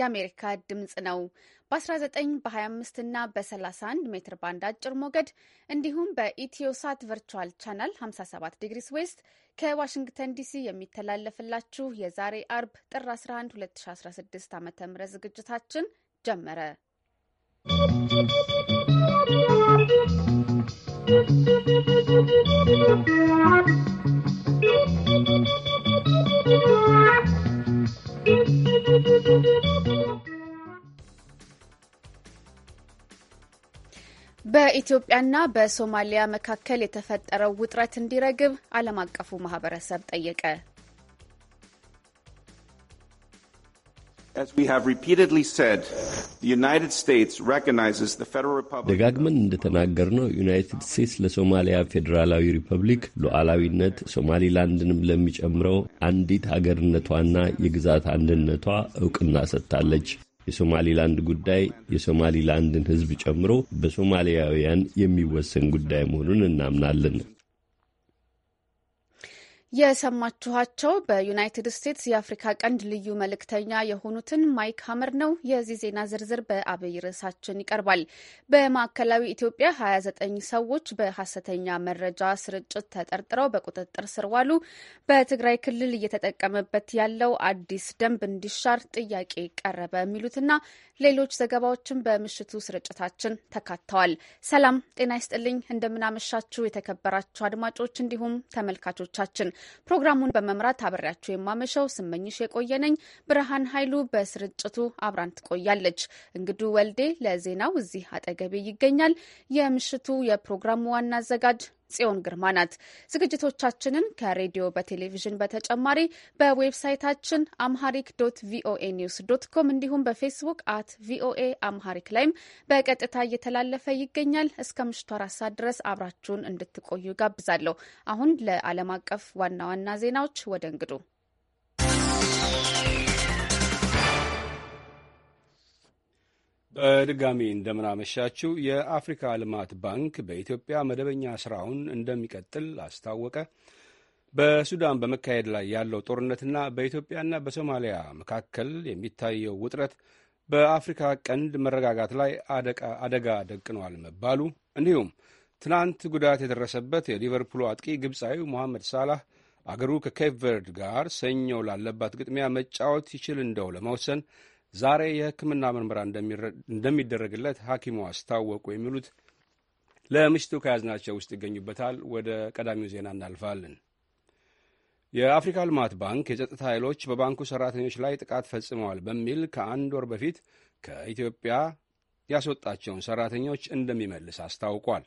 የአሜሪካ ድምፅ ነው። በ19 በ25 እና በ31 ሜትር ባንድ አጭር ሞገድ እንዲሁም በኢትዮሳት ቨርቹዋል ቻናል 57 ዲግሪስ ዌስት ከዋሽንግተን ዲሲ የሚተላለፍላችሁ የዛሬ አርብ ጥር 11 2016 ዓ ም ዝግጅታችን ጀመረ። ¶¶ በኢትዮጵያና በሶማሊያ መካከል የተፈጠረው ውጥረት እንዲረግብ ዓለም አቀፉ ማህበረሰብ ጠየቀ። ደጋግመን እንደተናገርነው ዩናይትድ ስቴትስ ለሶማሊያ ፌዴራላዊ ሪፐብሊክ ሉዓላዊነት ሶማሊላንድንም ለሚጨምረው አንዲት ሀገርነቷና የግዛት አንድነቷ እውቅና ሰጥታለች። የሶማሊላንድ ጉዳይ የሶማሊላንድን ሕዝብ ጨምሮ በሶማሊያውያን የሚወሰን ጉዳይ መሆኑን እናምናለን። የሰማችኋቸው በዩናይትድ ስቴትስ የአፍሪካ ቀንድ ልዩ መልእክተኛ የሆኑትን ማይክ ሀመር ነው። የዚህ ዜና ዝርዝር በአብይ ርዕሳችን ይቀርባል። በማዕከላዊ ኢትዮጵያ 29 ሰዎች በሀሰተኛ መረጃ ስርጭት ተጠርጥረው በቁጥጥር ስር ዋሉ። በትግራይ ክልል እየተጠቀመበት ያለው አዲስ ደንብ እንዲሻር ጥያቄ ቀረበ። የሚሉትና ሌሎች ዘገባዎችን በምሽቱ ስርጭታችን ተካተዋል። ሰላም ጤና ይስጥልኝ። እንደምናመሻችሁ የተከበራችሁ አድማጮች እንዲሁም ተመልካቾቻችን ፕሮግራሙን በመምራት አብሬያችሁ የማመሸው ስመኝሽ የቆየነኝ። ብርሃን ኃይሉ በስርጭቱ አብራን ትቆያለች። እንግዱ ወልዴ ለዜናው እዚህ አጠገቤ ይገኛል። የምሽቱ የፕሮግራሙ ዋና አዘጋጅ ጽዮን ግርማ ናት። ዝግጅቶቻችንን ከሬዲዮ በቴሌቪዥን በተጨማሪ በዌብሳይታችን አምሃሪክ ዶት ቪኦኤ ኒውስ ዶት ኮም እንዲሁም በፌስቡክ አት ቪኦኤ አምሃሪክ ላይም በቀጥታ እየተላለፈ ይገኛል። እስከ ምሽቱ አራት ሰዓት ድረስ አብራችሁን እንድትቆዩ ጋብዛለሁ። አሁን ለዓለም አቀፍ ዋና ዋና ዜናዎች ወደ እንግዱ በድጋሚ እንደምናመሻችው የአፍሪካ ልማት ባንክ በኢትዮጵያ መደበኛ ስራውን እንደሚቀጥል አስታወቀ። በሱዳን በመካሄድ ላይ ያለው ጦርነትና በኢትዮጵያና በሶማሊያ መካከል የሚታየው ውጥረት በአፍሪካ ቀንድ መረጋጋት ላይ አደጋ ደቅኗል መባሉ እንዲሁም ትናንት ጉዳት የደረሰበት የሊቨርፑሉ አጥቂ ግብፃዊ ሞሐመድ ሳላህ አገሩ ከኬፕ ቨርድ ጋር ሰኞ ላለባት ግጥሚያ መጫወት ይችል እንደው ለመወሰን ዛሬ የሕክምና ምርመራ እንደሚደረግለት ሐኪሙ አስታወቁ። የሚሉት ለምሽቱ ከያዝናቸው ውስጥ ይገኙበታል። ወደ ቀዳሚው ዜና እናልፋለን። የአፍሪካ ልማት ባንክ የጸጥታ ኃይሎች በባንኩ ሠራተኞች ላይ ጥቃት ፈጽመዋል በሚል ከአንድ ወር በፊት ከኢትዮጵያ ያስወጣቸውን ሠራተኞች እንደሚመልስ አስታውቋል።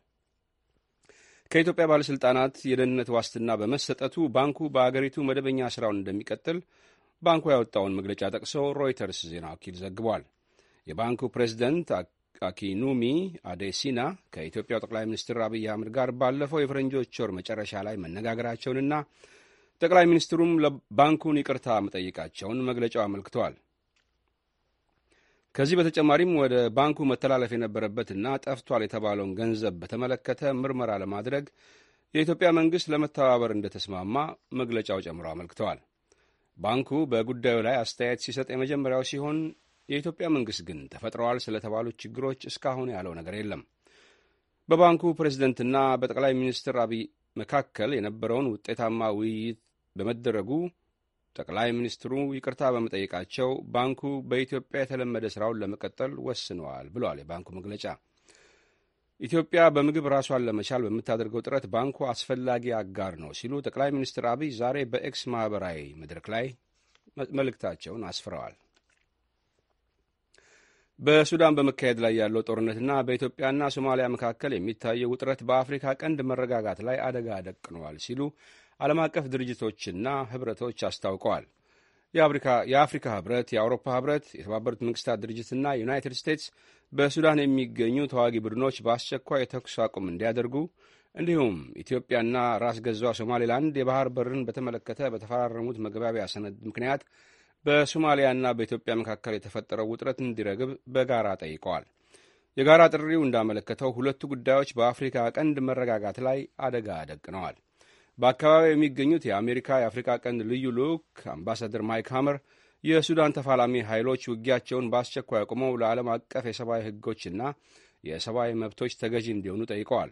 ከኢትዮጵያ ባለሥልጣናት የደህንነት ዋስትና በመሰጠቱ ባንኩ በአገሪቱ መደበኛ ሥራውን እንደሚቀጥል ባንኩ ያወጣውን መግለጫ ጠቅሶ ሮይተርስ ዜና ወኪል ዘግቧል። የባንኩ ፕሬዚደንት አኪኑሚ አዴሲና ከኢትዮጵያው ጠቅላይ ሚኒስትር አብይ አህመድ ጋር ባለፈው የፈረንጆች ወር መጨረሻ ላይ መነጋገራቸውንና ጠቅላይ ሚኒስትሩም ለባንኩን ይቅርታ መጠየቃቸውን መግለጫው አመልክተዋል። ከዚህ በተጨማሪም ወደ ባንኩ መተላለፍ የነበረበትና ጠፍቷል የተባለውን ገንዘብ በተመለከተ ምርመራ ለማድረግ የኢትዮጵያ መንግሥት ለመተባበር እንደተስማማ መግለጫው ጨምሮ አመልክተዋል። ባንኩ በጉዳዩ ላይ አስተያየት ሲሰጥ የመጀመሪያው ሲሆን የኢትዮጵያ መንግሥት ግን ተፈጥረዋል ስለተባሉ ችግሮች እስካሁን ያለው ነገር የለም። በባንኩ ፕሬዝደንትና በጠቅላይ ሚኒስትር አብይ መካከል የነበረውን ውጤታማ ውይይት በመደረጉ ጠቅላይ ሚኒስትሩ ይቅርታ በመጠየቃቸው ባንኩ በኢትዮጵያ የተለመደ ሥራውን ለመቀጠል ወስነዋል ብለዋል የባንኩ መግለጫ። ኢትዮጵያ በምግብ ራሷን ለመቻል በምታደርገው ጥረት ባንኩ አስፈላጊ አጋር ነው ሲሉ ጠቅላይ ሚኒስትር አብይ ዛሬ በኤክስ ማኅበራዊ መድረክ ላይ መልእክታቸውን አስፍረዋል። በሱዳን በመካሄድ ላይ ያለው ጦርነትና በኢትዮጵያና ሶማሊያ መካከል የሚታየው ውጥረት በአፍሪካ ቀንድ መረጋጋት ላይ አደጋ ደቅነዋል ሲሉ ዓለም አቀፍ ድርጅቶችና ኅብረቶች አስታውቀዋል። የአፍሪካ ህብረት፣ የአውሮፓ ህብረት፣ የተባበሩት መንግስታት ድርጅትና ዩናይትድ ስቴትስ በሱዳን የሚገኙ ተዋጊ ቡድኖች በአስቸኳይ የተኩስ አቁም እንዲያደርጉ እንዲሁም ኢትዮጵያና ራስ ገዟ ሶማሌላንድ የባህር በርን በተመለከተ በተፈራረሙት መግባቢያ ሰነድ ምክንያት በሶማሊያና በኢትዮጵያ መካከል የተፈጠረው ውጥረት እንዲረግብ በጋራ ጠይቀዋል። የጋራ ጥሪው እንዳመለከተው ሁለቱ ጉዳዮች በአፍሪካ ቀንድ መረጋጋት ላይ አደጋ ደቅነዋል። በአካባቢው የሚገኙት የአሜሪካ የአፍሪካ ቀንድ ልዩ ልዑክ አምባሳደር ማይክ ሃመር የሱዳን ተፋላሚ ኃይሎች ውጊያቸውን በአስቸኳይ አቁመው ለዓለም አቀፍ የሰብአዊ ሕጎችና የሰብአዊ መብቶች ተገዢ እንዲሆኑ ጠይቀዋል።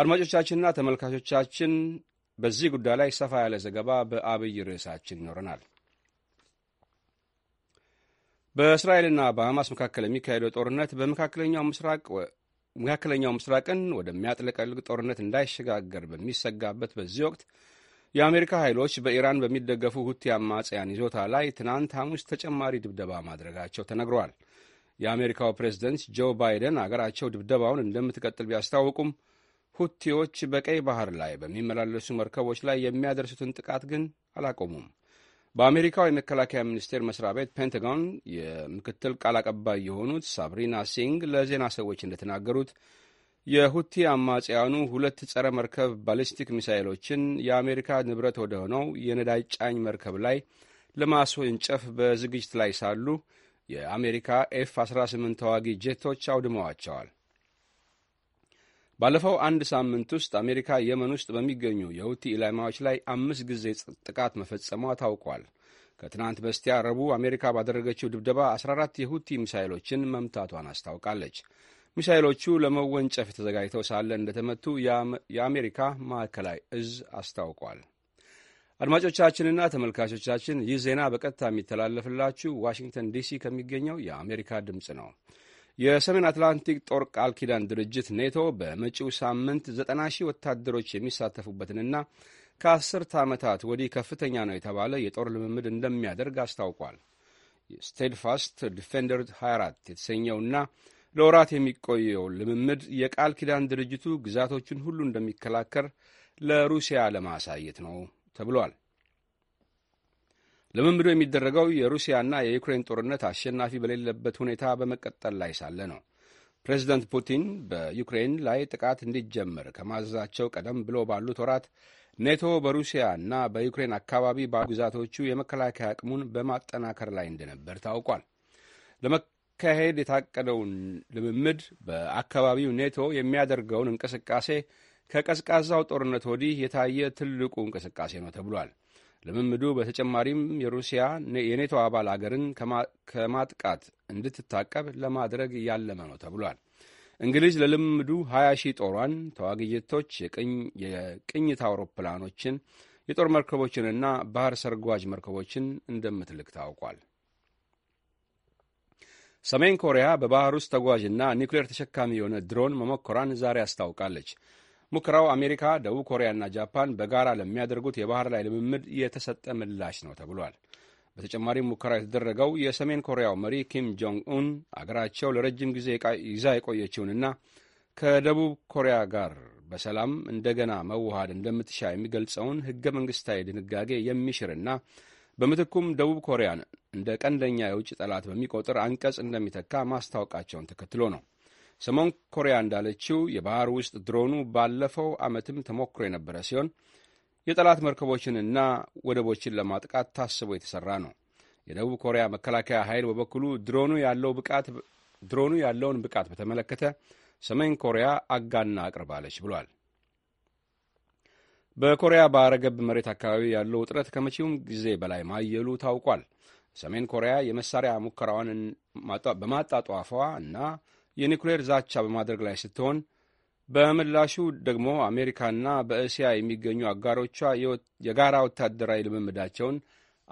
አድማጮቻችንና ተመልካቾቻችን በዚህ ጉዳይ ላይ ሰፋ ያለ ዘገባ በአብይ ርዕሳችን ይኖረናል። በእስራኤልና በሐማስ መካከል የሚካሄደው ጦርነት በመካከለኛው ምስራቅ መካከለኛው ምስራቅን ወደሚያጥለቀልቅ ጦርነት እንዳይሸጋገር በሚሰጋበት በዚህ ወቅት የአሜሪካ ኃይሎች በኢራን በሚደገፉ ሁቲ አማጽያን ይዞታ ላይ ትናንት ሐሙስ ተጨማሪ ድብደባ ማድረጋቸው ተነግሯል። የአሜሪካው ፕሬዝደንት ጆ ባይደን አገራቸው ድብደባውን እንደምትቀጥል ቢያስታውቁም ሁቲዎች በቀይ ባህር ላይ በሚመላለሱ መርከቦች ላይ የሚያደርሱትን ጥቃት ግን አላቆሙም። በአሜሪካው የመከላከያ ሚኒስቴር መስሪያ ቤት ፔንታጎን የምክትል ቃል አቀባይ የሆኑት ሳብሪና ሲንግ ለዜና ሰዎች እንደተናገሩት የሁቲ አማጽያኑ ሁለት ጸረ መርከብ ባሊስቲክ ሚሳይሎችን የአሜሪካ ንብረት ወደ ሆነው የነዳጅ ጫኝ መርከብ ላይ ለማስወንጨፍ በዝግጅት ላይ ሳሉ የአሜሪካ ኤፍ 18 ተዋጊ ጄቶች አውድመዋቸዋል። ባለፈው አንድ ሳምንት ውስጥ አሜሪካ የመን ውስጥ በሚገኙ የሁቲ ኢላማዎች ላይ አምስት ጊዜ ጥቃት መፈጸሟ ታውቋል። ከትናንት በስቲያ ረቡዕ አሜሪካ ባደረገችው ድብደባ 14 የሁቲ ሚሳይሎችን መምታቷን አስታውቃለች። ሚሳይሎቹ ለመወንጨፍ ተዘጋጅተው ሳለ እንደተመቱ የአሜሪካ ማዕከላዊ እዝ አስታውቋል። አድማጮቻችንና ተመልካቾቻችን ይህ ዜና በቀጥታ የሚተላለፍላችሁ ዋሽንግተን ዲሲ ከሚገኘው የአሜሪካ ድምፅ ነው። የሰሜን አትላንቲክ ጦር ቃል ኪዳን ድርጅት ኔቶ በመጪው ሳምንት ዘጠና ሺህ ወታደሮች የሚሳተፉበትንና ከአስርት ዓመታት ወዲህ ከፍተኛ ነው የተባለ የጦር ልምምድ እንደሚያደርግ አስታውቋል። ስቴድፋስት ዲፌንደር 24 የተሰኘውና ለወራት የሚቆየው ልምምድ የቃል ኪዳን ድርጅቱ ግዛቶችን ሁሉ እንደሚከላከል ለሩሲያ ለማሳየት ነው ተብሏል። ልምምዱ የሚደረገው የሩሲያና የዩክሬን ጦርነት አሸናፊ በሌለበት ሁኔታ በመቀጠል ላይ ሳለ ነው። ፕሬዚደንት ፑቲን በዩክሬን ላይ ጥቃት እንዲጀመር ከማዘዛቸው ቀደም ብሎ ባሉት ወራት ኔቶ በሩሲያ እና በዩክሬን አካባቢ ባሉ ግዛቶቹ የመከላከያ አቅሙን በማጠናከር ላይ እንደነበር ታውቋል። ለመካሄድ የታቀደውን ልምምድ በአካባቢው ኔቶ የሚያደርገውን እንቅስቃሴ ከቀዝቃዛው ጦርነት ወዲህ የታየ ትልቁ እንቅስቃሴ ነው ተብሏል። ልምምዱ በተጨማሪም የሩሲያ የኔቶ አባል አገርን ከማጥቃት እንድትታቀብ ለማድረግ ያለመ ነው ተብሏል። እንግሊዝ ለልምምዱ 20 ሺህ ጦሯን፣ ተዋጊ ጀቶች፣ የቅኝት አውሮፕላኖችን፣ የጦር መርከቦችንና ባህር ሰርጓጅ መርከቦችን እንደምትልክ ታውቋል። ሰሜን ኮሪያ በባህር ውስጥ ተጓዥና ኒውክሌር ተሸካሚ የሆነ ድሮን መሞከሯን ዛሬ አስታውቃለች። ሙከራው አሜሪካ፣ ደቡብ ኮሪያና ጃፓን በጋራ ለሚያደርጉት የባህር ላይ ልምምድ የተሰጠ ምላሽ ነው ተብሏል። በተጨማሪም ሙከራው የተደረገው የሰሜን ኮሪያው መሪ ኪም ጆንግ ኡን አገራቸው ለረጅም ጊዜ ይዛ የቆየችውንና ከደቡብ ኮሪያ ጋር በሰላም እንደገና መዋሃድ እንደምትሻ የሚገልጸውን ሕገ መንግሥታዊ ድንጋጌ የሚሽርና በምትኩም ደቡብ ኮሪያን እንደ ቀንደኛ የውጭ ጠላት በሚቆጥር አንቀጽ እንደሚተካ ማስታወቃቸውን ተከትሎ ነው። ሰሜን ኮሪያ እንዳለችው የባህር ውስጥ ድሮኑ ባለፈው ዓመትም ተሞክሮ የነበረ ሲሆን የጠላት መርከቦችንና ወደቦችን ለማጥቃት ታስቦ የተሠራ ነው። የደቡብ ኮሪያ መከላከያ ኃይል በበኩሉ ድሮኑ ያለው ብቃት ድሮኑ ያለውን ብቃት በተመለከተ ሰሜን ኮሪያ አጋና አቅርባለች ብሏል። በኮሪያ ባረገብ መሬት አካባቢ ያለው ውጥረት ከመቼውም ጊዜ በላይ ማየሉ ታውቋል። ሰሜን ኮሪያ የመሳሪያ ሙከራዋን በማጣጧፏ እና የኒኩሌር ዛቻ በማድረግ ላይ ስትሆን በምላሹ ደግሞ አሜሪካና በእስያ የሚገኙ አጋሮቿ የጋራ ወታደራዊ ልምምዳቸውን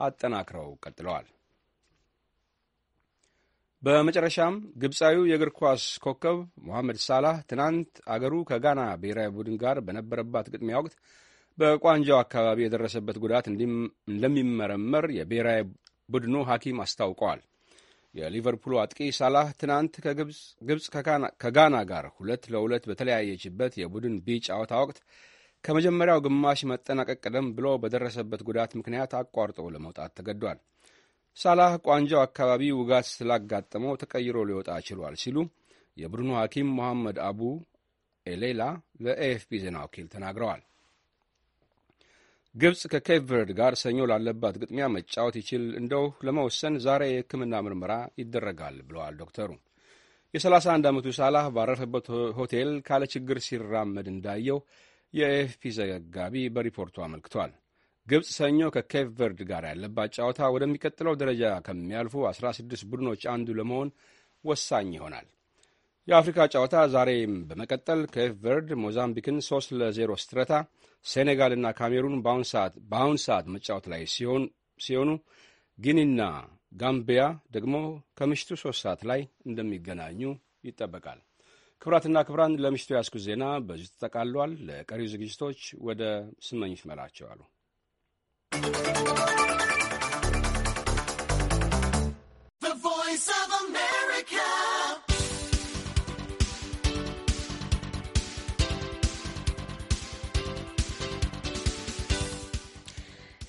አጠናክረው ቀጥለዋል። በመጨረሻም ግብፃዊው የእግር ኳስ ኮከብ ሞሐመድ ሳላህ ትናንት አገሩ ከጋና ብሔራዊ ቡድን ጋር በነበረባት ግጥሚያ ወቅት በቋንጃው አካባቢ የደረሰበት ጉዳት እንደሚመረመር የብሔራዊ ቡድኑ ሐኪም አስታውቀዋል። የሊቨርፑሉ አጥቂ ሳላህ ትናንት ግብፅ ከጋና ጋር ሁለት ለሁለት በተለያየችበት የቡድን ቢ ጨዋታ ወቅት ከመጀመሪያው ግማሽ መጠናቀቅ ቀደም ብሎ በደረሰበት ጉዳት ምክንያት አቋርጦ ለመውጣት ተገዷል። ሳላህ ቋንጃው አካባቢ ውጋት ስላጋጠመው ተቀይሮ ሊወጣ ችሏል ሲሉ የቡድኑ ሐኪም መሐመድ አቡ ኤሌላ ለኤኤፍፒ ዜና ወኪል ተናግረዋል። ግብፅ ከኬፕ ቨርድ ጋር ሰኞ ላለባት ግጥሚያ መጫወት ይችል እንደው ለመወሰን ዛሬ የሕክምና ምርመራ ይደረጋል ብለዋል ዶክተሩ። የ31 ዓመቱ ሳላህ ባረፈበት ሆቴል ካለ ችግር ሲራመድ እንዳየው የኤኤፍፒ ዘጋቢ በሪፖርቱ አመልክቷል። ግብፅ ሰኞ ከኬፕ ቨርድ ጋር ያለባት ጨዋታ ወደሚቀጥለው ደረጃ ከሚያልፉ 16 ቡድኖች አንዱ ለመሆን ወሳኝ ይሆናል። የአፍሪካ ጨዋታ ዛሬም በመቀጠል ኬፕ ቨርድ ሞዛምቢክን 3 ለ0 ስትረታ ሴኔጋልና ካሜሩን በአሁን ሰዓት መጫወት ላይ ሲሆኑ ጊኒና ጋምቢያ ደግሞ ከምሽቱ ሶስት ሰዓት ላይ እንደሚገናኙ ይጠበቃል። ክብራትና ክብራን ለምሽቱ ያስኩ ዜና በዚሁ ተጠቃሏል። ለቀሪው ዝግጅቶች ወደ ስመኝሽ መላቸው አሉ።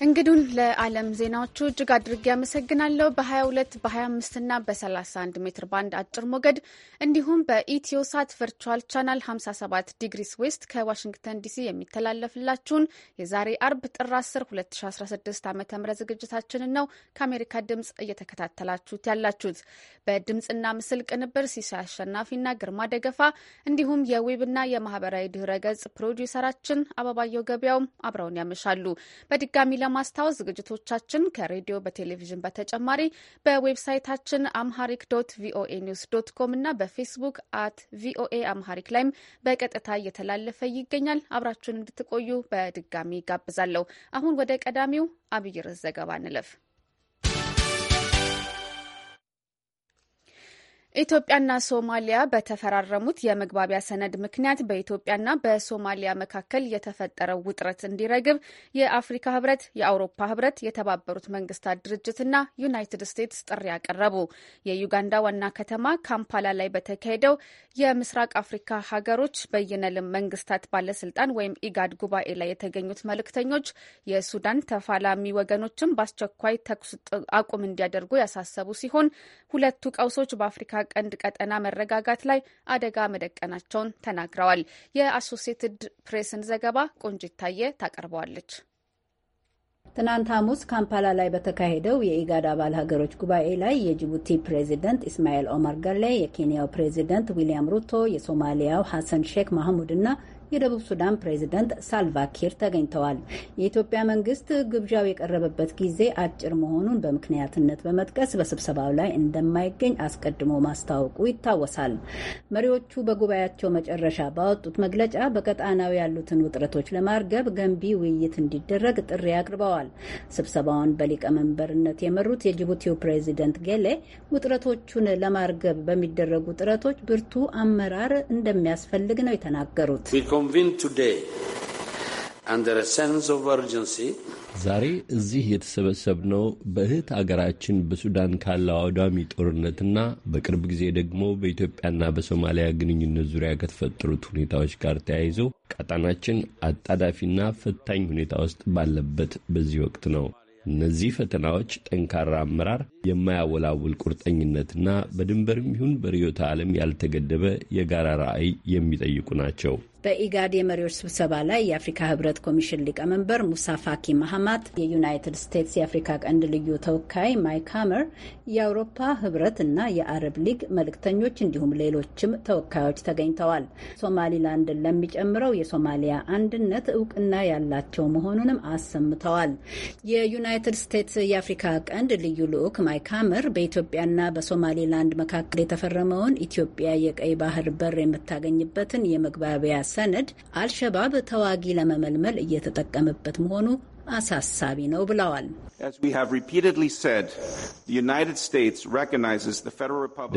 እንግዱን ለዓለም ዜናዎቹ እጅግ አድርጌ ያመሰግናለሁ። በ22 በ25 እና በ31 ሜትር ባንድ አጭር ሞገድ እንዲሁም በኢትዮሳት ቨርቹዋል ቻናል 57 ዲግሪስ ዌስት ከዋሽንግተን ዲሲ የሚተላለፍላችሁን የዛሬ አርብ ጥር 10 2016 ዓ ም ዝግጅታችንን ነው ከአሜሪካ ድምፅ እየተከታተላችሁት ያላችሁት። በድምፅና ምስል ቅንብር ሲሳ አሸናፊና ግርማ ደገፋ እንዲሁም የዌብና የማህበራዊ ድህረ ገጽ ፕሮዲውሰራችን አበባየው ገበያውም አብረውን ያመሻሉ። በድጋሚ ለማስታወስ ዝግጅቶቻችን ከሬዲዮ በቴሌቪዥን በተጨማሪ በዌብሳይታችን አምሃሪክ ዶት ቪኦኤ ኒውስ ዶት ኮም እና በፌስቡክ አት ቪኦኤ አምሃሪክ ላይም በቀጥታ እየተላለፈ ይገኛል። አብራችሁን እንድትቆዩ በድጋሚ ጋብዛለሁ። አሁን ወደ ቀዳሚው አብይ ርዕስ ዘገባ እንለፍ። ኢትዮጵያና ሶማሊያ በተፈራረሙት የመግባቢያ ሰነድ ምክንያት በኢትዮጵያና በሶማሊያ መካከል የተፈጠረው ውጥረት እንዲረግብ የአፍሪካ ህብረት፣ የአውሮፓ ህብረት፣ የተባበሩት መንግስታት ድርጅትና ዩናይትድ ስቴትስ ጥሪ አቀረቡ። የዩጋንዳ ዋና ከተማ ካምፓላ ላይ በተካሄደው የምስራቅ አፍሪካ ሀገሮች በይነልም መንግስታት ባለስልጣን ወይም ኢጋድ ጉባኤ ላይ የተገኙት መልእክተኞች የሱዳን ተፋላሚ ወገኖችን በአስቸኳይ ተኩስ አቁም እንዲያደርጉ ያሳሰቡ ሲሆን ሁለቱ ቀውሶች በአፍሪካ ቀንድ ቀጠና መረጋጋት ላይ አደጋ መደቀናቸውን ተናግረዋል። የአሶሴትድ ፕሬስን ዘገባ ቆንጂት ታየ ታቀርበዋለች። ትናንት ሐሙስ ካምፓላ ላይ በተካሄደው የኢጋድ አባል ሀገሮች ጉባኤ ላይ የጅቡቲ ፕሬዚደንት ኢስማኤል ኦማር ገሌ፣ የኬንያው ፕሬዚደንት ዊልያም ሩቶ፣ የሶማሊያው ሐሰን ሼክ ማህሙድ እና የደቡብ ሱዳን ፕሬዝደንት ሳልቫኪር ተገኝተዋል። የኢትዮጵያ መንግስት ግብዣው የቀረበበት ጊዜ አጭር መሆኑን በምክንያትነት በመጥቀስ በስብሰባው ላይ እንደማይገኝ አስቀድሞ ማስታወቁ ይታወሳል። መሪዎቹ በጉባኤያቸው መጨረሻ ባወጡት መግለጫ በቀጣናው ያሉትን ውጥረቶች ለማርገብ ገንቢ ውይይት እንዲደረግ ጥሪ አቅርበዋል። ስብሰባውን በሊቀመንበርነት የመሩት የጅቡቲው ፕሬዚደንት ጌሌ ውጥረቶቹን ለማርገብ በሚደረጉ ጥረቶች ብርቱ አመራር እንደሚያስፈልግ ነው የተናገሩት። convened today under a sense of urgency ዛሬ እዚህ የተሰበሰብነው በእህት አገራችን በሱዳን ካለው አውዳሚ ጦርነትና በቅርብ ጊዜ ደግሞ በኢትዮጵያና በሶማሊያ ግንኙነት ዙሪያ ከተፈጠሩት ሁኔታዎች ጋር ተያይዞ ቀጣናችን አጣዳፊና ፈታኝ ሁኔታ ውስጥ ባለበት በዚህ ወቅት ነው። እነዚህ ፈተናዎች ጠንካራ አመራር፣ የማያወላውል ቁርጠኝነትና በድንበርም ይሁን በርዕዮተ ዓለም ያልተገደበ የጋራ ራዕይ የሚጠይቁ ናቸው። በኢጋድ የመሪዎች ስብሰባ ላይ የአፍሪካ ህብረት ኮሚሽን ሊቀመንበር ሙሳ ፋኪ ማህማት፣ የዩናይትድ ስቴትስ የአፍሪካ ቀንድ ልዩ ተወካይ ማይክ ሃመር፣ የአውሮፓ ህብረት እና የአረብ ሊግ መልእክተኞች እንዲሁም ሌሎችም ተወካዮች ተገኝተዋል። ሶማሊላንድን ለሚጨምረው የሶማሊያ አንድነት እውቅና ያላቸው መሆኑንም አሰምተዋል። የዩናይትድ ስቴትስ የአፍሪካ ቀንድ ልዩ ልዑክ ማይክ ሀመር በኢትዮጵያና በሶማሊላንድ መካከል የተፈረመውን ኢትዮጵያ የቀይ ባህር በር የምታገኝበትን የመግባቢያ ሰነድ አልሸባብ ተዋጊ ለመመልመል እየተጠቀመበት መሆኑ አሳሳቢ ነው ብለዋል።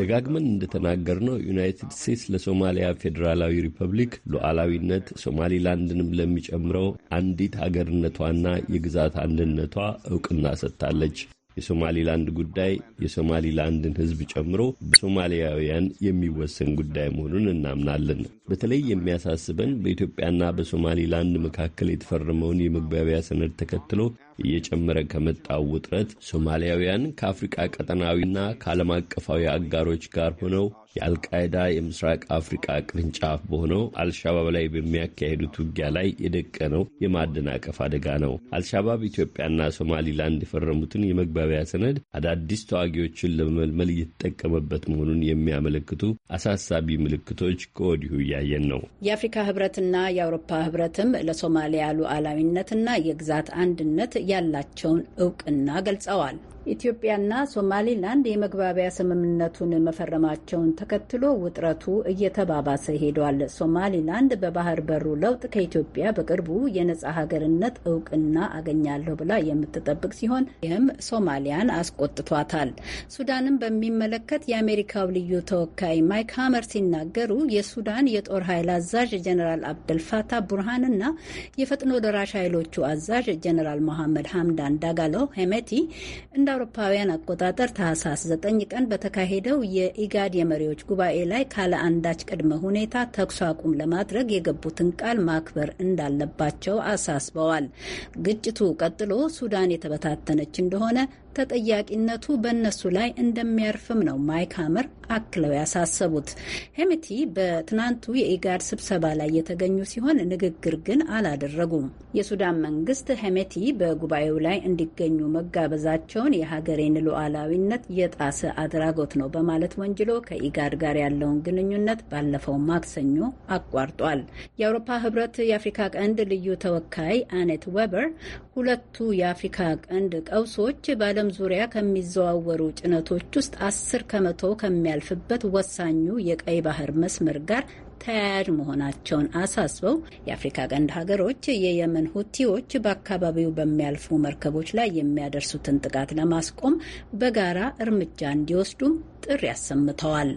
ደጋግመን እንደተናገርነው ዩናይትድ ስቴትስ ለሶማሊያ ፌዴራላዊ ሪፐብሊክ ሉዓላዊነት ሶማሊላንድንም ለሚጨምረው አንዲት አገርነቷና የግዛት አንድነቷ እውቅና ሰጥታለች። የሶማሊላንድ ጉዳይ የሶማሊላንድን ሕዝብ ጨምሮ በሶማሊያውያን የሚወሰን ጉዳይ መሆኑን እናምናለን። በተለይ የሚያሳስበን በኢትዮጵያና በሶማሊላንድ መካከል የተፈረመውን የመግባቢያ ሰነድ ተከትሎ እየጨመረ ከመጣው ውጥረት ሶማሊያውያን ከአፍሪቃ ቀጠናዊና ከዓለም አቀፋዊ አጋሮች ጋር ሆነው የአልቃይዳ የምስራቅ አፍሪቃ ቅርንጫፍ በሆነው አልሻባብ ላይ በሚያካሄዱት ውጊያ ላይ የደቀነው የማደናቀፍ አደጋ ነው። አልሻባብ ኢትዮጵያና ሶማሊላንድ የፈረሙትን የመግባቢያ ሰነድ አዳዲስ ተዋጊዎችን ለመመልመል እየተጠቀመበት መሆኑን የሚያመለክቱ አሳሳቢ ምልክቶች ከወዲሁ እያየን ነው። የአፍሪካ ህብረትና የአውሮፓ ህብረትም ለሶማሊያ ሉዓላዊነትና የግዛት አንድነት ያላቸውን እውቅና ገልጸዋል። ኢትዮጵያና ሶማሊላንድ የመግባቢያ ስምምነቱን መፈረማቸውን ተከትሎ ውጥረቱ እየተባባሰ ሄዷል። ሶማሊላንድ በባህር በሩ ለውጥ ከኢትዮጵያ በቅርቡ የነጻ ሀገርነት እውቅና አገኛለሁ ብላ የምትጠብቅ ሲሆን ይህም ሶማሊያን አስቆጥቷታል። ሱዳንን በሚመለከት የአሜሪካው ልዩ ተወካይ ማይክ ሀመር ሲናገሩ የሱዳን የጦር ኃይል አዛዥ ጀነራል አብደልፋታ ቡርሃንና የፈጥኖ ደራሽ ኃይሎቹ አዛዥ ጀነራል መሐመድ ሀምዳን ዳጋሎ ሄሜቲ እንደ አውሮፓውያን አቆጣጠር ታህሳስ 9 ቀን በተካሄደው የኢጋድ የመሪዎች ጉባኤ ላይ ካለ አንዳች ቅድመ ሁኔታ ተኩስ አቁም ለማድረግ የገቡትን ቃል ማክበር እንዳለባቸው አሳስበዋል። ግጭቱ ቀጥሎ ሱዳን የተበታተነች እንደሆነ ተጠያቂነቱ በእነሱ ላይ እንደሚያርፍም ነው ማይክ ሀመር አክለው ያሳሰቡት። ሄምቲ በትናንቱ የኢጋድ ስብሰባ ላይ የተገኙ ሲሆን ንግግር ግን አላደረጉም። የሱዳን መንግስት ሄሜቲ በጉባኤው ላይ እንዲገኙ መጋበዛቸውን የሀገሬን ሉዓላዊነት የጣሰ አድራጎት ነው በማለት ወንጅሎ ከኢጋድ ጋር ያለውን ግንኙነት ባለፈው ማክሰኞ አቋርጧል። የአውሮፓ ህብረት የአፍሪካ ቀንድ ልዩ ተወካይ አኔት ዌበር ሁለቱ የአፍሪካ ቀንድ ቀውሶች በዓለም በዓለም ዙሪያ ከሚዘዋወሩ ጭነቶች ውስጥ አስር ከመቶ ከሚያልፍበት ወሳኙ የቀይ ባህር መስመር ጋር ተያያዥ መሆናቸውን አሳስበው የአፍሪካ ቀንድ ሀገሮች የየመን ሁቲዎች በአካባቢው በሚያልፉ መርከቦች ላይ የሚያደርሱትን ጥቃት ለማስቆም በጋራ እርምጃ እንዲወስዱም ጥሪ አሰምተዋል።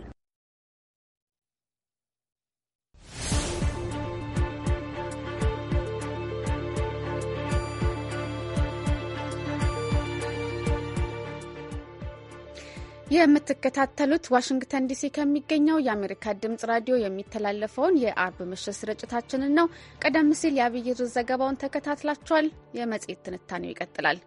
የምትከታተሉት ዋሽንግተን ዲሲ ከሚገኘው የአሜሪካ ድምጽ ራዲዮ የሚተላለፈውን የአርብ ምሽት ስርጭታችንን ነው። ቀደም ሲል የአብይር ዘገባውን ተከታትላችኋል። የመጽሔት ትንታኔው ይቀጥላል።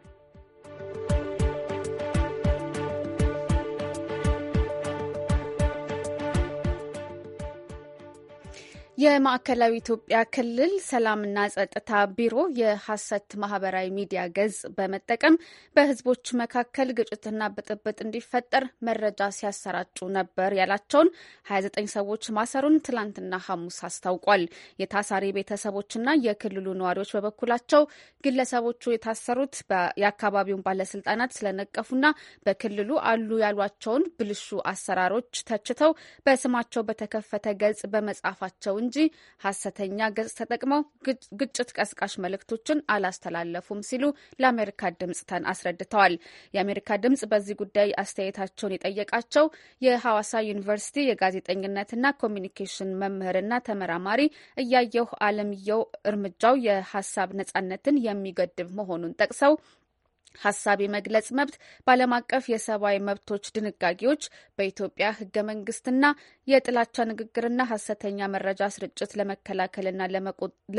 የማዕከላዊ ኢትዮጵያ ክልል ሰላምና ጸጥታ ቢሮ የሐሰት ማህበራዊ ሚዲያ ገጽ በመጠቀም በህዝቦች መካከል ግጭትና ብጥብጥ እንዲፈጠር መረጃ ሲያሰራጩ ነበር ያላቸውን 29 ሰዎች ማሰሩን ትላንትና ሐሙስ አስታውቋል። የታሳሪ ቤተሰቦችና የክልሉ ነዋሪዎች በበኩላቸው ግለሰቦቹ የታሰሩት የአካባቢውን ባለስልጣናት ስለነቀፉና በክልሉ አሉ ያሏቸውን ብልሹ አሰራሮች ተችተው በስማቸው በተከፈተ ገጽ በመጻፋቸው እንጂ እንጂ ሀሰተኛ ገጽ ተጠቅመው ግጭት ቀስቃሽ መልእክቶችን አላስተላለፉም ሲሉ ለአሜሪካ ድምጽ አስረድተዋል። የአሜሪካ ድምጽ በዚህ ጉዳይ አስተያየታቸውን የጠየቃቸው የሐዋሳ ዩኒቨርሲቲ የጋዜጠኝነትና ኮሚኒኬሽን መምህርና ተመራማሪ እያየሁ አለምየው እርምጃው የሀሳብ ነጻነትን የሚገድብ መሆኑን ጠቅሰው ሀሳብ የመግለጽ መብት በዓለም አቀፍ የሰብአዊ መብቶች ድንጋጌዎች በኢትዮጵያ ህገ መንግስትና የጥላቻ ንግግርና ሀሰተኛ መረጃ ስርጭት ለመከላከልና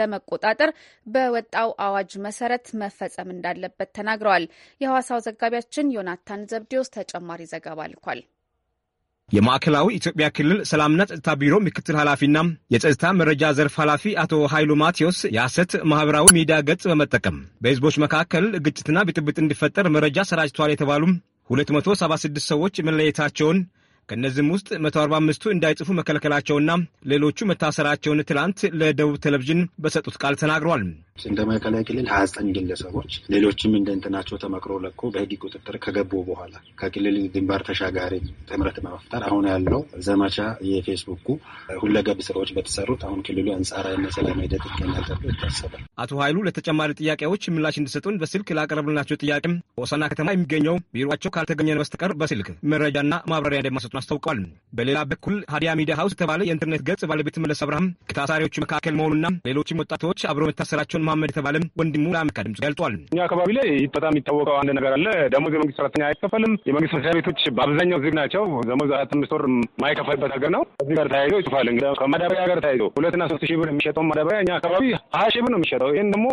ለመቆጣጠር በወጣው አዋጅ መሰረት መፈጸም እንዳለበት ተናግረዋል። የሐዋሳው ዘጋቢያችን ዮናታን ዘብዴዎስ ተጨማሪ ዘገባ ልኳል። የማዕከላዊ ኢትዮጵያ ክልል ሰላምና ጸጥታ ቢሮ ምክትል ኃላፊና የጸጥታ መረጃ ዘርፍ ኃላፊ አቶ ኃይሉ ማቴዎስ የሐሰት ማህበራዊ ሚዲያ ገጽ በመጠቀም በህዝቦች መካከል ግጭትና ብጥብጥ እንዲፈጠር መረጃ ሰራጭተዋል የተባሉ 276 ሰዎች መለየታቸውን ከእነዚህም ውስጥ 145ቱ እንዳይጽፉ መከልከላቸውና ሌሎቹ መታሰራቸውን ትላንት ለደቡብ ቴሌቪዥን በሰጡት ቃል ተናግረዋል። እንደ ማዕከላዊ ክልል ሀያ ዘጠኝ ግለሰቦች ሌሎችም እንደ እንትናቸው ተመክሮ ለኮ በህግ ቁጥጥር ከገቡ በኋላ ከክልል ግንባር ተሻጋሪ ጥምረት መፍጠር አሁን ያለው ዘመቻ የፌስቡኩ ሁለገብ ስራዎች በተሰሩት አሁን ክልሉ አንጻራዊና ሰላም ሂደት ይገኛል ተብሎ ይታሰባል። አቶ ኃይሉ ለተጨማሪ ጥያቄዎች ምላሽ እንዲሰጡን በስልክ ላቀረብልናቸው ጥያቄም ሆሳና ከተማ የሚገኘው ቢሮቸው ካልተገኘ በስተቀር በስልክ መረጃና ማብራሪያ እንደማሰጡን አስታውቀዋል። በሌላ በኩል ሀዲያ ሚዲያ ሀውስ የተባለ የኢንተርኔት ገጽ ባለቤት መለስ አብርሃም ከታሳሪዎቹ መካከል መሆኑና ሌሎችም ወጣቶች አብረው መታሰራቸውን መሐመድ የተባለም ወንድሙ ለአሜሪካ ድምጽ ገልጧል። እኛ አካባቢ ላይ በጣም የሚታወቀው አንድ ነገር አለ። ደሞዝ የመንግስት ሰራተኛ አይከፈልም። የመንግስት መስሪያ ቤቶች በአብዛኛው ዝግ ናቸው። ደሞዝ አራት አምስት ወር የማይከፈልበት ሀገር ነው። እዚህ ጋር ተያይዞ ይጽፋል። ከማዳበሪያ ጋር ተያይዞ ሁለትና ሶስት ሺህ ብር የሚሸጠውን ማዳበሪያ እኛ አካባቢ ሀያ ሺህ ብር ነው የሚሸጠው። ይህን ደግሞ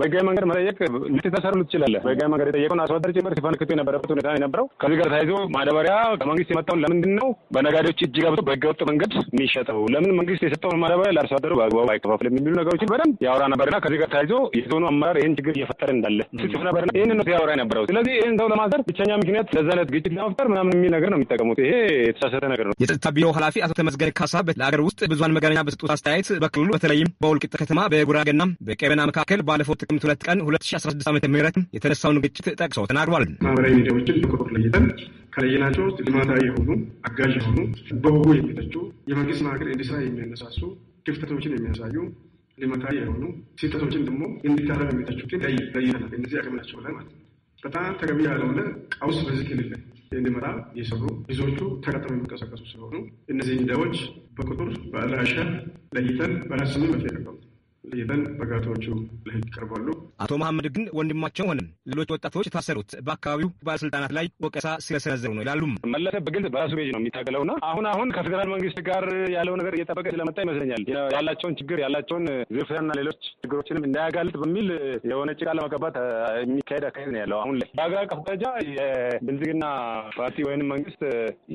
በህጋዊ መንገድ መጠየቅ ልትተሰሩ ትችላለህ። በህጋዊ መንገድ የጠየቀውን አስወደር ጭምር ሲፈንክቱ የነበረበት ሁኔታ የነበረው። ከዚህ ጋር ተያይዞ ማዳበሪያ ከመንግስት የመጣውን ለምንድን ነው በነጋዴዎች እጅ ገብቶ በህገወጥ መንገድ የሚሸጠው? ለምን መንግስት የሰጠውን ማዳበሪያ ለአርሶ አደሩ በአግባቡ አይከፋፍልም? የሚሉ ነገሮችን በደንብ ያወራ ነበርና ከዚህ ጋር ተያይዞ የዞኑ አመራር ይህን ችግር እየፈጠረ እንዳለ ስጽፍ ነበርና ይህን ነው ሲያወራ የነበረው። ስለዚህ ይህን ሰው ለማሰር ብቸኛ ምክንያት ለዛ አይነት ግጭት ለመፍጠር ምናምን የሚል ነገር ነው የሚጠቀሙት። ይሄ የተሳሳተ ነገር ነው። የጸጥታ ቢሮ ኃላፊ አቶ ተመስገን ካሳ ለአገር ውስጥ ብዙሀን መገናኛ በሰጡት አስተያየት በክልሉ በተለይም በወልቂጤ ከተማ በጉራጌና በቀበና መካከል ባለፈው ጥቅምት ሁለት ቀን ሁለት ሺ አስራ ስድስት ዓ ም የተነሳውን ግጭት ጠቅሰው ተናግሯል። ማህበራዊ ሚዲያዎችን በቁጥር ለይተን ከለየናቸው ልማታዊ የሆኑ አጋዥ የሆኑ በውቡ የሚተቹ የመንግስት መካከል እንዲስራ የሚያነሳሱ ክፍተቶችን የሚያሳዩ ሊመታ የሆኑ ስህተቶችን ደግሞ እንዲታረም የሚጠቹትን ለይተናል። እንደዚህ አቅም ናቸው ብለን ማለት ነው። በጣም ተገቢ ያልሆነ ቀውስ በዚህ ክልል ላይ እንዲመጣ የሰሩ ብዙዎቹ ተቀጥረው የሚንቀሳቀሱ ስለሆኑ እነዚህ ሚዲያዎች በቁጥር በአድራሻ ለይተን በራስ ስም መፍትሄ ይዘን በጋቶቹ ለህግ ቀርባሉ። አቶ መሐመድ ግን ወንድማቸው ሆነ ሌሎች ወጣቶች የታሰሩት በአካባቢው ባለስልጣናት ላይ ወቀሳ ስለሰነዘሩ ነው ይላሉም። መለሰ በግልጽ በራሱ ቤጅ ነው የሚታገለውና አሁን አሁን ከፌዴራል መንግስት ጋር ያለው ነገር እየጠበቀ ስለመጣ ይመስለኛል ያላቸውን ችግር ያላቸውን ዝርፊያና ሌሎች ችግሮችንም እንዳያጋልጥ በሚል የሆነ ጭቃ ለመቀባት የሚካሄድ አካሄድ ነው ያለው አሁን ላይ በሀገር አቀፍ ደረጃ የብልጽግና ፓርቲ ወይንም መንግስት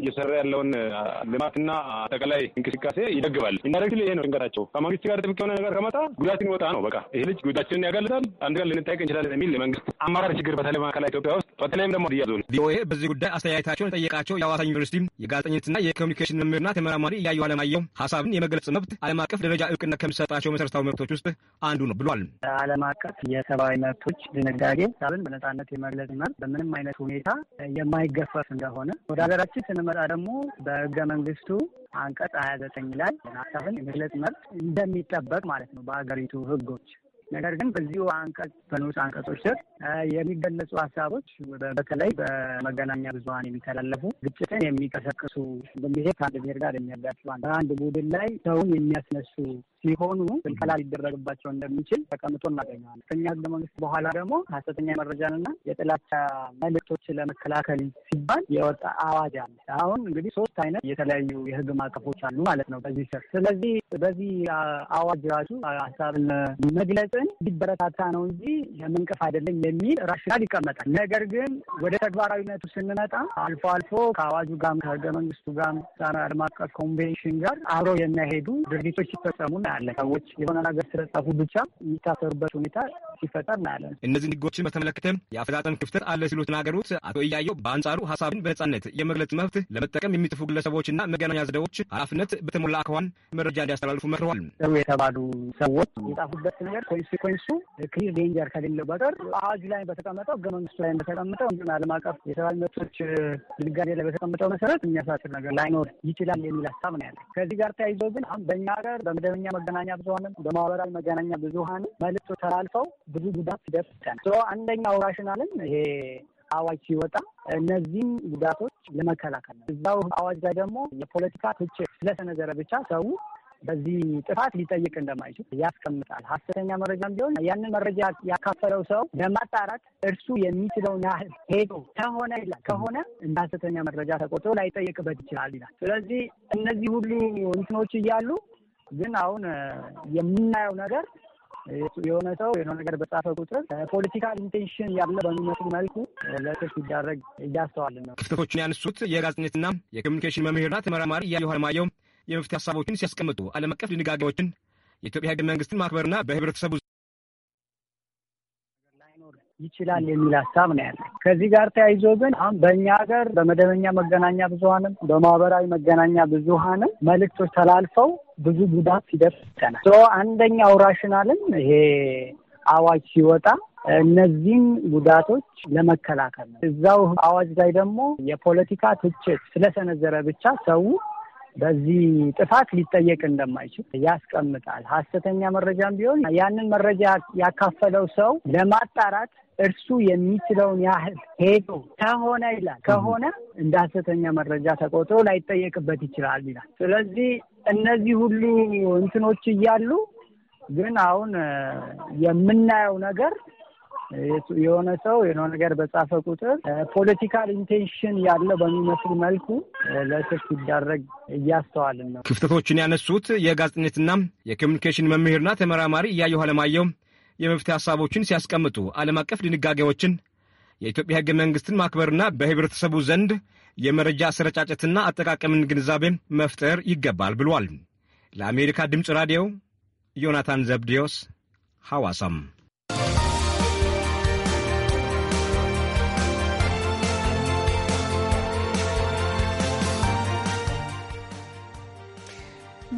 እየሰራ ያለውን ልማትና አጠቃላይ እንቅስቃሴ ይደግፋል። እንዳደግ ይሄ ነው ድንገታቸው ከመንግስት ጋር ጥብቅ የሆነ ነገር ከመጣ ጉዳት ይወጣ ነው በቃ ይህ ልጅ ጉዳችንን ያጋልጣል፣ አንድ ቀን ልንጠየቅ እንችላለን የሚል የመንግስት አመራር ችግር በተለይ ማዕከላዊ ኢትዮጵያ ውስጥ በተለይም ደግሞ ዲያ ዞን ቪኦኤ በዚህ ጉዳይ አስተያየታቸውን የጠየቃቸው የአዋሳ ዩኒቨርሲቲ የጋዜጠኝነትና የኮሚኒኬሽን መምህርና ተመራማሪ እያዩ አለማየሁ ሀሳብን የመግለጽ መብት ዓለም አቀፍ ደረጃ እውቅና ከሚሰጣቸው መሰረታዊ መብቶች ውስጥ አንዱ ነው ብሏል። ዓለም አቀፍ የሰብአዊ መብቶች ድንጋጌ ሀሳብን በነጻነት የመግለጽ መብት በምንም አይነት ሁኔታ የማይገፈፍ እንደሆነ ወደ ሀገራችን ስንመጣ ደግሞ በህገ መንግስቱ አንቀጽ ሀያ ዘጠኝ ላይ ሀሳብን የመግለጽ መብት እንደሚጠበቅ ማለት ነው በሀገሪቱ ህጎች። ነገር ግን በዚሁ አንቀጽ በንዑስ አንቀጾች ስር የሚገለጹ ሀሳቦች በተለይ በመገናኛ ብዙኃን የሚተላለፉ ግጭትን የሚቀሰቅሱ ጊዜ ከአንድ ብሔር ጋር የሚያጋጭ በአንድ ቡድን ላይ ሰውን የሚያስነሱ ሲሆኑ ክልከላ ሊደረግባቸው እንደሚችል ተቀምጦ እናገኘዋለን። ከኛ ህገ መንግስት በኋላ ደግሞ ሀሰተኛ መረጃንና የጥላቻ መልእክቶች ለመከላከል ሲባል የወጣ አዋጅ አለ። አሁን እንግዲህ ሶስት አይነት የተለያዩ የህግ ማዕቀፎች አሉ ማለት ነው በዚህ ስር። ስለዚህ በዚህ አዋጅ ራሱ ሀሳብን መግለጽ ግን ሊበረታታ ነው እንጂ ለመንቀፍ አይደለም የሚል ራሽናል ይቀመጣል። ነገር ግን ወደ ተግባራዊነቱ ስንመጣ አልፎ አልፎ ከአዋጁ ጋም ከህገ መንግስቱ ጋም ዓለም አቀፍ ኮንቬንሽን ጋር አብረው የሚያሄዱ ድርጊቶች ሲፈጸሙ እናያለን። ሰዎች የሆነ ነገር ስለጻፉ ብቻ የሚታሰሩበት ሁኔታ ሲፈጠር እናያለን። እነዚህን ህጎችን በተመለከተ የአፈጻጸም ክፍተት አለ ሲሉ ተናገሩት አቶ እያየው በአንጻሩ ሀሳብን በነጻነት የመግለጽ መብት ለመጠቀም የሚጥፉ ግለሰቦችና መገናኛ ዘዴዎች ኃላፊነት በተሞላ አኳኋን መረጃ እንዲያስተላልፉ መክረዋል። ጥሩ የተባሉ ሰዎች የጻፉበት ነገር ሲኮንሱ ክሊር ዴንጀር ከሌለው በቀር አዋጅ ላይ በተቀመጠው ህገ መንግስቱ ላይ በተቀመጠው እንዲሁም ዓለም አቀፍ የሰብአዊ መብቶች ድንጋጌ ላይ በተቀመጠው መሰረት የሚያሳስር ነገር ላይኖር ይችላል የሚል ሀሳብ ነው ያለ። ከዚህ ጋር ተያይዞ ግን አሁን በእኛ ሀገር በመደበኛ መገናኛ ብዙሀንም በማህበራዊ መገናኛ ብዙሀን መልዕክቱ ተላልፈው ብዙ ጉዳት ሲደርስ ይቻላል። አንደኛው ራሽናልን ይሄ አዋጅ ሲወጣ እነዚህም ጉዳቶች ለመከላከል ነው። እዛው አዋጅ ላይ ደግሞ የፖለቲካ ትችት ስለተነገረ ብቻ ሰው በዚህ ጥፋት ሊጠይቅ እንደማይችል ያስቀምጣል። ሀሰተኛ መረጃም ቢሆን ያንን መረጃ ያካፈለው ሰው ለማጣራት እርሱ የሚችለውን ያህል ሄዶ ከሆነ ይላል ከሆነ እንደ ሀሰተኛ መረጃ ተቆጥሮ ላይጠየቅበት ይችላል ይላል። ስለዚህ እነዚህ ሁሉ እንትኖች እያሉ ግን አሁን የምናየው ነገር የሆነ ሰው የሆነ ነገር በጻፈ ቁጥር ፖለቲካል ኢንቴንሽን ያለ በሚመስል መልኩ ለክስ ሲዳረግ እያስተዋልን ነው። ክፍተቶችን ያነሱት የጋዜጠኝነትና የኮሚኒኬሽን መምህርና ተመራማሪ እያየሁ አለማየሁ የመፍትሄ ሀሳቦችን ሲያስቀምጡ ዓለም አቀፍ ድንጋጌዎችን የኢትዮጵያ ህገ መንግስትን ማክበርና በህብረተሰቡ ይችላል የሚል ሀሳብ ነው ያለ። ከዚህ ጋር ተያይዞ ግን አሁን በእኛ ሀገር በመደበኛ መገናኛ ብዙሀንም በማህበራዊ መገናኛ ብዙሀንም መልእክቶች ተላልፈው ብዙ ጉዳት ሲደርስ አንደኛው ራሽናልም ይሄ አዋጅ ሲወጣ እነዚህም ጉዳቶች ለመከላከል ነው። እዛው አዋጅ ላይ ደግሞ የፖለቲካ ትችት ስለሰነዘረ ብቻ ሰው በዚህ ጥፋት ሊጠየቅ እንደማይችል ያስቀምጣል። ሀሰተኛ መረጃም ቢሆን ያንን መረጃ ያካፈለው ሰው ለማጣራት እርሱ የሚችለውን ያህል ሄዶ ከሆነ ይላል ከሆነ እንደ ሀሰተኛ መረጃ ተቆጥሮ ላይጠየቅበት ይችላል ይላል። ስለዚህ እነዚህ ሁሉ እንትኖች እያሉ ግን አሁን የምናየው ነገር የሆነ ሰው የሆነ ነገር በጻፈ ቁጥር ፖለቲካል ኢንቴንሽን ያለው በሚመስል መልኩ ለእስር ሲዳረግ እያስተዋልን ነው። ክፍተቶችን ያነሱት የጋዜጠኝነትና የኮሚኒኬሽን መምህርና ተመራማሪ እያየሁ አለማየሁ የመፍትሄ ሀሳቦችን ሲያስቀምጡ ዓለም አቀፍ ድንጋጌዎችን፣ የኢትዮጵያ ሕገ መንግሥትን ማክበርና በህብረተሰቡ ዘንድ የመረጃ አሰረጫጨትና አጠቃቀምን ግንዛቤ መፍጠር ይገባል ብሏል። ለአሜሪካ ድምፅ ራዲዮ ዮናታን ዘብዲዮስ ሐዋሳም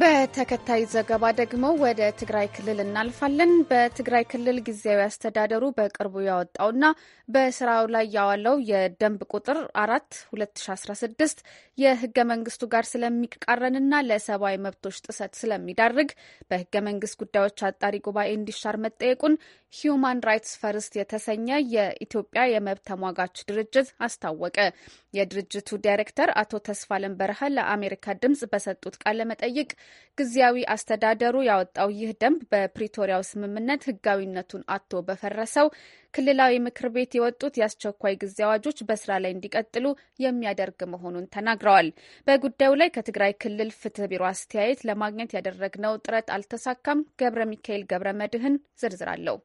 በተከታይ ዘገባ ደግሞ ወደ ትግራይ ክልል እናልፋለን። በትግራይ ክልል ጊዜያዊ አስተዳደሩ በቅርቡ ያወጣውና በስራው ላይ ያዋለው የደንብ ቁጥር አራት 2016 የህገ መንግስቱ ጋር ስለሚቃረንና ለሰብአዊ መብቶች ጥሰት ስለሚዳርግ በህገ መንግስት ጉዳዮች አጣሪ ጉባኤ እንዲሻር መጠየቁን ሂዩማን ራይትስ ፈርስት የተሰኘ የኢትዮጵያ የመብት ተሟጋች ድርጅት አስታወቀ። የድርጅቱ ዳይሬክተር አቶ ተስፋለም በረሀ ለአሜሪካ ድምጽ በሰጡት ቃለ መጠይቅ ጊዜያዊ አስተዳደሩ ያወጣው ይህ ደንብ በፕሪቶሪያው ስምምነት ህጋዊነቱን አቶ በፈረሰው ክልላዊ ምክር ቤት የወጡት የአስቸኳይ ጊዜ አዋጆች በስራ ላይ እንዲቀጥሉ የሚያደርግ መሆኑን ተናግረዋል። በጉዳዩ ላይ ከትግራይ ክልል ፍትህ ቢሮ አስተያየት ለማግኘት ያደረግነው ጥረት አልተሳካም። ገብረ ሚካኤል ገብረ መድህን ዝርዝር አለው።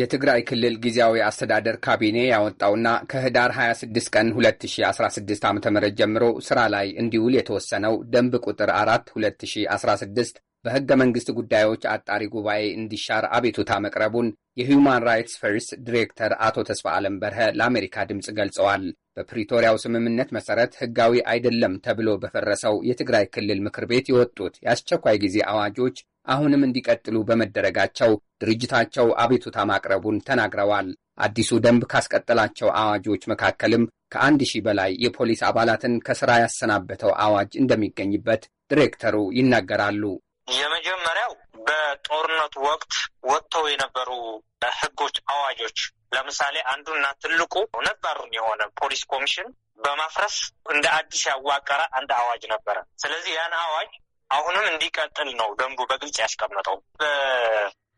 የትግራይ ክልል ጊዜያዊ አስተዳደር ካቢኔ ያወጣውና ከህዳር 26 ቀን 2016 ዓ ም ጀምሮ ሥራ ላይ እንዲውል የተወሰነው ደንብ ቁጥር 4 2016 በህገ መንግስት ጉዳዮች አጣሪ ጉባኤ እንዲሻር አቤቱታ መቅረቡን የሂውማን ራይትስ ፈርስት ዲሬክተር አቶ ተስፋ ዓለም በርሀ ለአሜሪካ ድምፅ ገልጸዋል። በፕሪቶሪያው ስምምነት መሰረት ሕጋዊ አይደለም ተብሎ በፈረሰው የትግራይ ክልል ምክር ቤት የወጡት የአስቸኳይ ጊዜ አዋጆች አሁንም እንዲቀጥሉ በመደረጋቸው ድርጅታቸው አቤቱታ ማቅረቡን ተናግረዋል። አዲሱ ደንብ ካስቀጠላቸው አዋጆች መካከልም ከአንድ ሺህ በላይ የፖሊስ አባላትን ከስራ ያሰናበተው አዋጅ እንደሚገኝበት ዲሬክተሩ ይናገራሉ። የመጀመሪያው በጦርነቱ ወቅት ወጥተው የነበሩ ህጎች፣ አዋጆች ለምሳሌ አንዱና ትልቁ ነባሩን የሆነ ፖሊስ ኮሚሽን በማፍረስ እንደ አዲስ ያዋቀረ አንድ አዋጅ ነበረ። ስለዚህ ያን አዋጅ አሁንም እንዲቀጥል ነው ደንቡ በግልጽ ያስቀመጠው።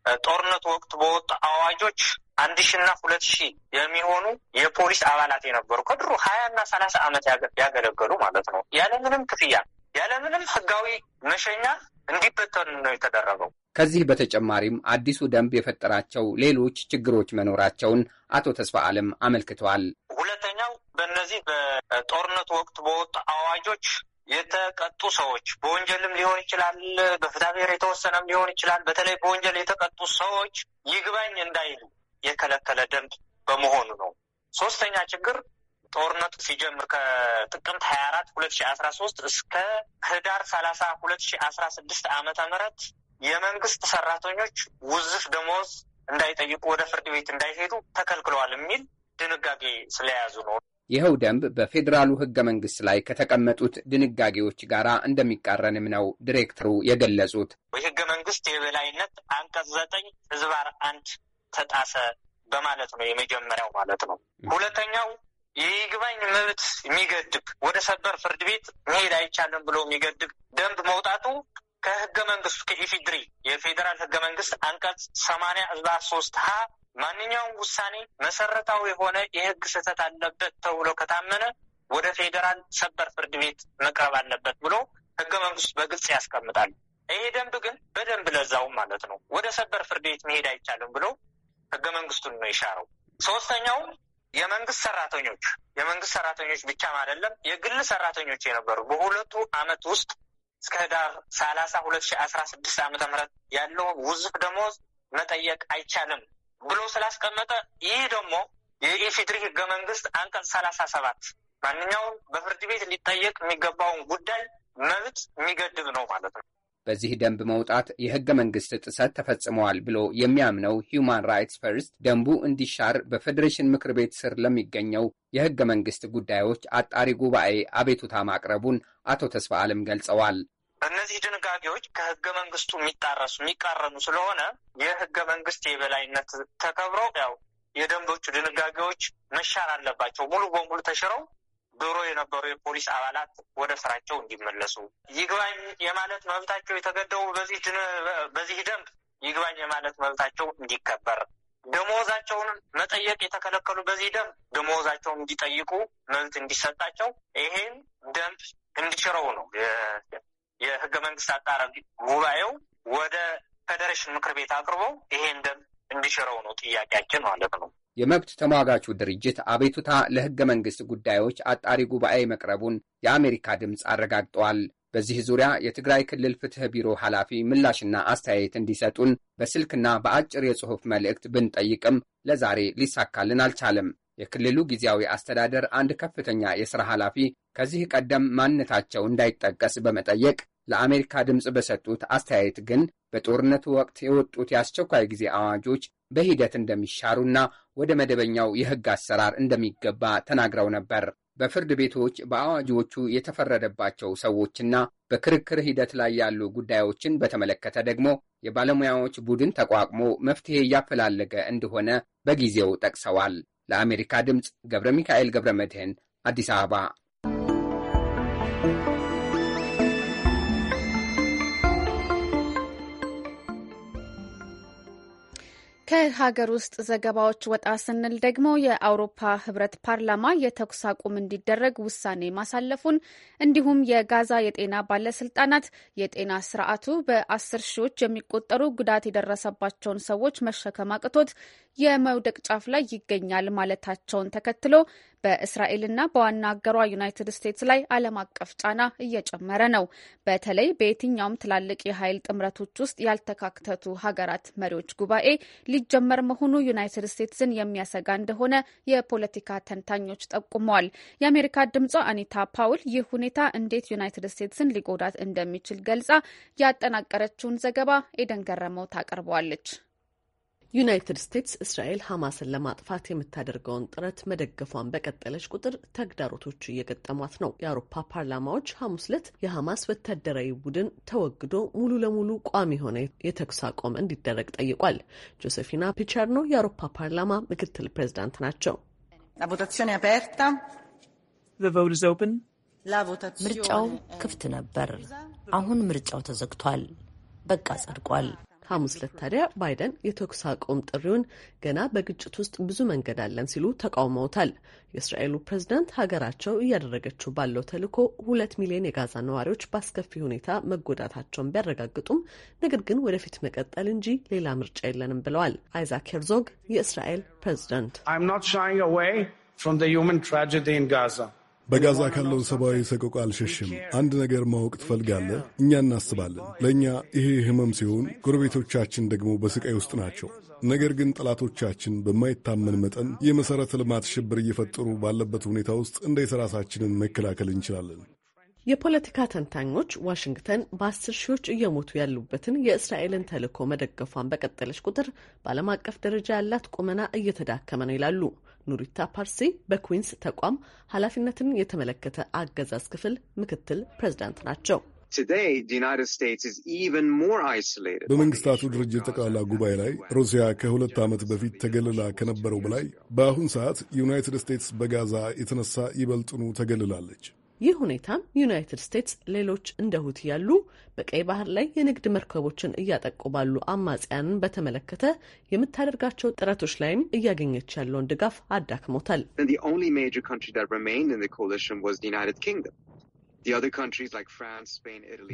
በጦርነቱ ወቅት በወጡ አዋጆች አንድ ሺ እና ሁለት ሺ የሚሆኑ የፖሊስ አባላት የነበሩ ከድሮ ሀያ እና ሰላሳ ዓመት ያገለገሉ ማለት ነው ያለምንም ክፍያ ያለምንም ህጋዊ መሸኛ እንዲበተኑ ነው የተደረገው። ከዚህ በተጨማሪም አዲሱ ደንብ የፈጠራቸው ሌሎች ችግሮች መኖራቸውን አቶ ተስፋ አለም አመልክተዋል። ሁለተኛው በእነዚህ በጦርነቱ ወቅት በወጡ አዋጆች የተቀጡ ሰዎች በወንጀልም ሊሆን ይችላል፣ በፍትሐ ብሔር የተወሰነም ሊሆን ይችላል። በተለይ በወንጀል የተቀጡ ሰዎች ይግባኝ እንዳይሉ የከለከለ ደንብ በመሆኑ ነው። ሶስተኛ ችግር ጦርነቱ ሲጀምር ከጥቅምት ሀያ አራት ሁለት ሺ አስራ ሶስት እስከ ህዳር ሰላሳ ሁለት ሺ አስራ ስድስት ዓመተ ምህረት የመንግስት ሰራተኞች ውዝፍ ደሞዝ እንዳይጠይቁ ወደ ፍርድ ቤት እንዳይሄዱ ተከልክለዋል የሚል ድንጋጌ ስለያዙ ነው። ይኸው ደንብ በፌዴራሉ ህገ መንግስት ላይ ከተቀመጡት ድንጋጌዎች ጋር እንደሚቃረንም ነው ዲሬክተሩ የገለጹት። የሕገ መንግስት የበላይነት አንቀጽ ዘጠኝ ህዝባር አንድ ተጣሰ በማለት ነው የመጀመሪያው ማለት ነው። ሁለተኛው የይግባኝ መብት የሚገድብ ወደ ሰበር ፍርድ ቤት መሄድ አይቻልም ብሎ የሚገድብ ደንብ መውጣቱ ከህገ መንግስቱ ከኢፊድሪ የፌዴራል ህገ መንግስት አንቀጽ ሰማንያ ህዝባር ሶስት ሀ ማንኛውም ውሳኔ መሰረታዊ የሆነ የህግ ስህተት አለበት ተብሎ ከታመነ ወደ ፌዴራል ሰበር ፍርድ ቤት መቅረብ አለበት ብሎ ህገ መንግስት በግልጽ ያስቀምጣል። ይሄ ደንብ ግን በደንብ ለዛውም ማለት ነው ወደ ሰበር ፍርድ ቤት መሄድ አይቻልም ብሎ ህገ መንግስቱን ነው የሻረው። ሶስተኛውም የመንግስት ሰራተኞች የመንግስት ሰራተኞች ብቻም አይደለም የግል ሰራተኞች የነበሩ በሁለቱ አመት ውስጥ እስከ ህዳር ሰላሳ ሁለት ሺ አስራ ስድስት አመተ ምህረት ያለውን ውዝፍ ደሞዝ መጠየቅ አይቻልም ብሎ ስላስቀመጠ ይህ ደግሞ የኢፌድሪ ህገ መንግስት አንቀጽ ሰላሳ ሰባት ማንኛውም በፍርድ ቤት ሊጠየቅ የሚገባውን ጉዳይ መብት የሚገድብ ነው ማለት ነው። በዚህ ደንብ መውጣት የህገ መንግስት ጥሰት ተፈጽመዋል ብሎ የሚያምነው ሂውማን ራይትስ ፈርስት ደንቡ እንዲሻር በፌዴሬሽን ምክር ቤት ስር ለሚገኘው የህገ መንግስት ጉዳዮች አጣሪ ጉባኤ አቤቱታ ማቅረቡን አቶ ተስፋ ዓለም ገልጸዋል። እነዚህ ድንጋጌዎች ከህገ መንግስቱ የሚጣረሱ የሚቃረኑ ስለሆነ የህገ መንግስት የበላይነት ተከብሮ ያው የደንቦቹ ድንጋጌዎች መሻር አለባቸው። ሙሉ በሙሉ ተሽረው ድሮ የነበሩ የፖሊስ አባላት ወደ ስራቸው እንዲመለሱ ይግባኝ የማለት መብታቸው የተገደቡ በዚህ ደንብ ይግባኝ የማለት መብታቸው እንዲከበር፣ ደሞዛቸውን መጠየቅ የተከለከሉ በዚህ ደንብ ደሞዛቸውን እንዲጠይቁ መብት እንዲሰጣቸው ይሄን ደንብ እንዲሽረው ነው የህገ መንግስት አጣራቢ ጉባኤው ወደ ፌዴሬሽን ምክር ቤት አቅርቦ ይሄን ደንብ እንዲሽረው ነው ጥያቄያችን ማለት ነው። የመብት ተሟጋቹ ድርጅት አቤቱታ ለህገ መንግስት ጉዳዮች አጣሪ ጉባኤ መቅረቡን የአሜሪካ ድምፅ አረጋግጠዋል። በዚህ ዙሪያ የትግራይ ክልል ፍትህ ቢሮ ኃላፊ ምላሽና አስተያየት እንዲሰጡን በስልክና በአጭር የጽሑፍ መልእክት ብንጠይቅም ለዛሬ ሊሳካልን አልቻለም። የክልሉ ጊዜያዊ አስተዳደር አንድ ከፍተኛ የሥራ ኃላፊ ከዚህ ቀደም ማንነታቸው እንዳይጠቀስ በመጠየቅ ለአሜሪካ ድምፅ በሰጡት አስተያየት ግን በጦርነቱ ወቅት የወጡት የአስቸኳይ ጊዜ አዋጆች በሂደት እንደሚሻሩና ወደ መደበኛው የሕግ አሰራር እንደሚገባ ተናግረው ነበር። በፍርድ ቤቶች በአዋጆቹ የተፈረደባቸው ሰዎችና በክርክር ሂደት ላይ ያሉ ጉዳዮችን በተመለከተ ደግሞ የባለሙያዎች ቡድን ተቋቁሞ መፍትሄ እያፈላለገ እንደሆነ በጊዜው ጠቅሰዋል። ለአሜሪካ ድምፅ ገብረ ሚካኤል ገብረ መድህን አዲስ አበባ ከሀገር ውስጥ ዘገባዎች ወጣ ስንል ደግሞ የአውሮፓ ህብረት ፓርላማ የተኩስ አቁም እንዲደረግ ውሳኔ ማሳለፉን እንዲሁም የጋዛ የጤና ባለስልጣናት የጤና ስርዓቱ በአስር ሺዎች የሚቆጠሩ ጉዳት የደረሰባቸውን ሰዎች መሸከም አቅቶት የመውደቅ ጫፍ ላይ ይገኛል ማለታቸውን ተከትሎ በእስራኤልና በዋና አገሯ ዩናይትድ ስቴትስ ላይ ዓለም አቀፍ ጫና እየጨመረ ነው። በተለይ በየትኛውም ትላልቅ የኃይል ጥምረቶች ውስጥ ያልተካተቱ ሀገራት መሪዎች ጉባኤ ሊጀመር መሆኑ ዩናይትድ ስቴትስን የሚያሰጋ እንደሆነ የፖለቲካ ተንታኞች ጠቁመዋል። የአሜሪካ ድምጿ አኒታ ፓውል ይህ ሁኔታ እንዴት ዩናይትድ ስቴትስን ሊጎዳት እንደሚችል ገልጻ ያጠናቀረችውን ዘገባ ኤደን ገረመው ታቀርበዋለች። ዩናይትድ ስቴትስ እስራኤል ሐማስን ለማጥፋት የምታደርገውን ጥረት መደገፏን በቀጠለች ቁጥር ተግዳሮቶቹ እየገጠሟት ነው። የአውሮፓ ፓርላማዎች ሐሙስ ዕለት የሐማስ ወታደራዊ ቡድን ተወግዶ ሙሉ ለሙሉ ቋሚ የሆነ የተኩስ አቆም እንዲደረግ ጠይቋል። ጆሴፊና ነው የአውሮፓ ፓርላማ ምክትል ፕሬዝዳንት ናቸው። ምርጫው ክፍት ነበር። አሁን ምርጫው ተዘግቷል። በቃ ጸድቋል። ሐሙስ ዕለት ታዲያ ባይደን የተኩስ አቁም ጥሪውን ገና በግጭት ውስጥ ብዙ መንገድ አለን ሲሉ ተቃውመውታል። የእስራኤሉ ፕሬዝዳንት ሀገራቸው እያደረገችው ባለው ተልዕኮ ሁለት ሚሊዮን የጋዛ ነዋሪዎች በአስከፊ ሁኔታ መጎዳታቸውን ቢያረጋግጡም ነገር ግን ወደፊት መቀጠል እንጂ ሌላ ምርጫ የለንም ብለዋል። አይዛክ ሄርዞግ የእስራኤል ፕሬዝዳንት በጋዛ ካለው ሰብአዊ ሰቆቃ አልሸሽም። አንድ ነገር ማወቅ ትፈልጋለህ? እኛ እናስባለን። ለእኛ ይሄ ህመም ሲሆን፣ ጎረቤቶቻችን ደግሞ በስቃይ ውስጥ ናቸው። ነገር ግን ጠላቶቻችን በማይታመን መጠን የመሠረተ ልማት ሽብር እየፈጠሩ ባለበት ሁኔታ ውስጥ እንዴት ራሳችንን መከላከል እንችላለን? የፖለቲካ ተንታኞች ዋሽንግተን በአስር ሺዎች እየሞቱ ያሉበትን የእስራኤልን ተልዕኮ መደገፏን በቀጠለች ቁጥር በዓለም አቀፍ ደረጃ ያላት ቁመና እየተዳከመ ነው ይላሉ። ኑሪታ ፓርሲ በኩዊንስ ተቋም ኃላፊነትን የተመለከተ አገዛዝ ክፍል ምክትል ፕሬዝዳንት ናቸው። በመንግስታቱ ድርጅት ጠቅላላ ጉባኤ ላይ ሩሲያ ከሁለት ዓመት በፊት ተገልላ ከነበረው በላይ በአሁን ሰዓት ዩናይትድ ስቴትስ በጋዛ የተነሳ ይበልጥኑ ተገልላለች። ይህ ሁኔታም ዩናይትድ ስቴትስ ሌሎች እንደ ሁቲ ያሉ በቀይ ባህር ላይ የንግድ መርከቦችን እያጠቁ ባሉ አማጽያንን በተመለከተ የምታደርጋቸው ጥረቶች ላይም እያገኘች ያለውን ድጋፍ አዳክሞታል።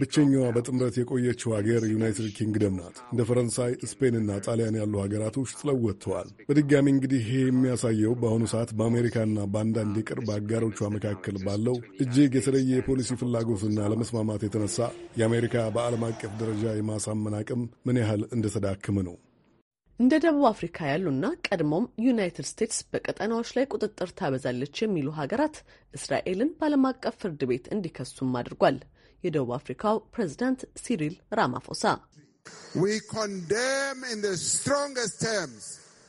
ብቸኛዋ በጥምረት የቆየችው ሀገር ዩናይትድ ኪንግደም ናት። እንደ ፈረንሳይ፣ ስፔንና ጣሊያን ያሉ ሀገራቶች ጥለው ወጥተዋል። በድጋሚ እንግዲህ ይሄ የሚያሳየው በአሁኑ ሰዓት በአሜሪካና በአንዳንድ የቅርብ አጋሮቿ መካከል ባለው እጅግ የተለየ የፖሊሲ ፍላጎትና ለመስማማት የተነሳ የአሜሪካ በዓለም አቀፍ ደረጃ የማሳመን አቅም ምን ያህል እንደተዳክም ነው። እንደ ደቡብ አፍሪካ ያሉና ቀድሞም ዩናይትድ ስቴትስ በቀጠናዎች ላይ ቁጥጥር ታበዛለች የሚሉ ሀገራት እስራኤልን በዓለም አቀፍ ፍርድ ቤት እንዲከሱም አድርጓል። የደቡብ አፍሪካው ፕሬዚዳንት ሲሪል ራማፎሳ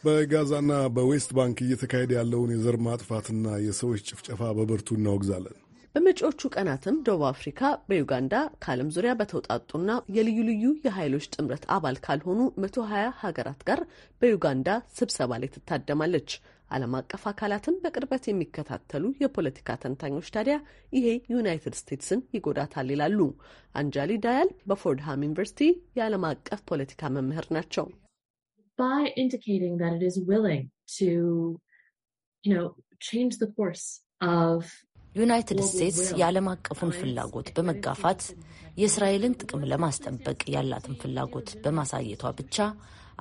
በጋዛና በዌስት ባንክ እየተካሄደ ያለውን የዘር ማጥፋትና የሰዎች ጭፍጨፋ በብርቱ እናወግዛለን። በመጪዎቹ ቀናትም ደቡብ አፍሪካ በዩጋንዳ ከዓለም ዙሪያ በተውጣጡና የልዩ ልዩ የኃይሎች ጥምረት አባል ካልሆኑ መቶ ሀያ ሀገራት ጋር በዩጋንዳ ስብሰባ ላይ ትታደማለች። ዓለም አቀፍ አካላትን በቅርበት የሚከታተሉ የፖለቲካ ተንታኞች ታዲያ ይሄ ዩናይትድ ስቴትስን ይጎዳታል ይላሉ። አንጃሊ ዳያል በፎርድሃም ዩኒቨርሲቲ የዓለም አቀፍ ፖለቲካ መምህር ናቸው። ዩናይትድ ስቴትስ የዓለም አቀፉን ፍላጎት በመጋፋት የእስራኤልን ጥቅም ለማስጠበቅ ያላትን ፍላጎት በማሳየቷ ብቻ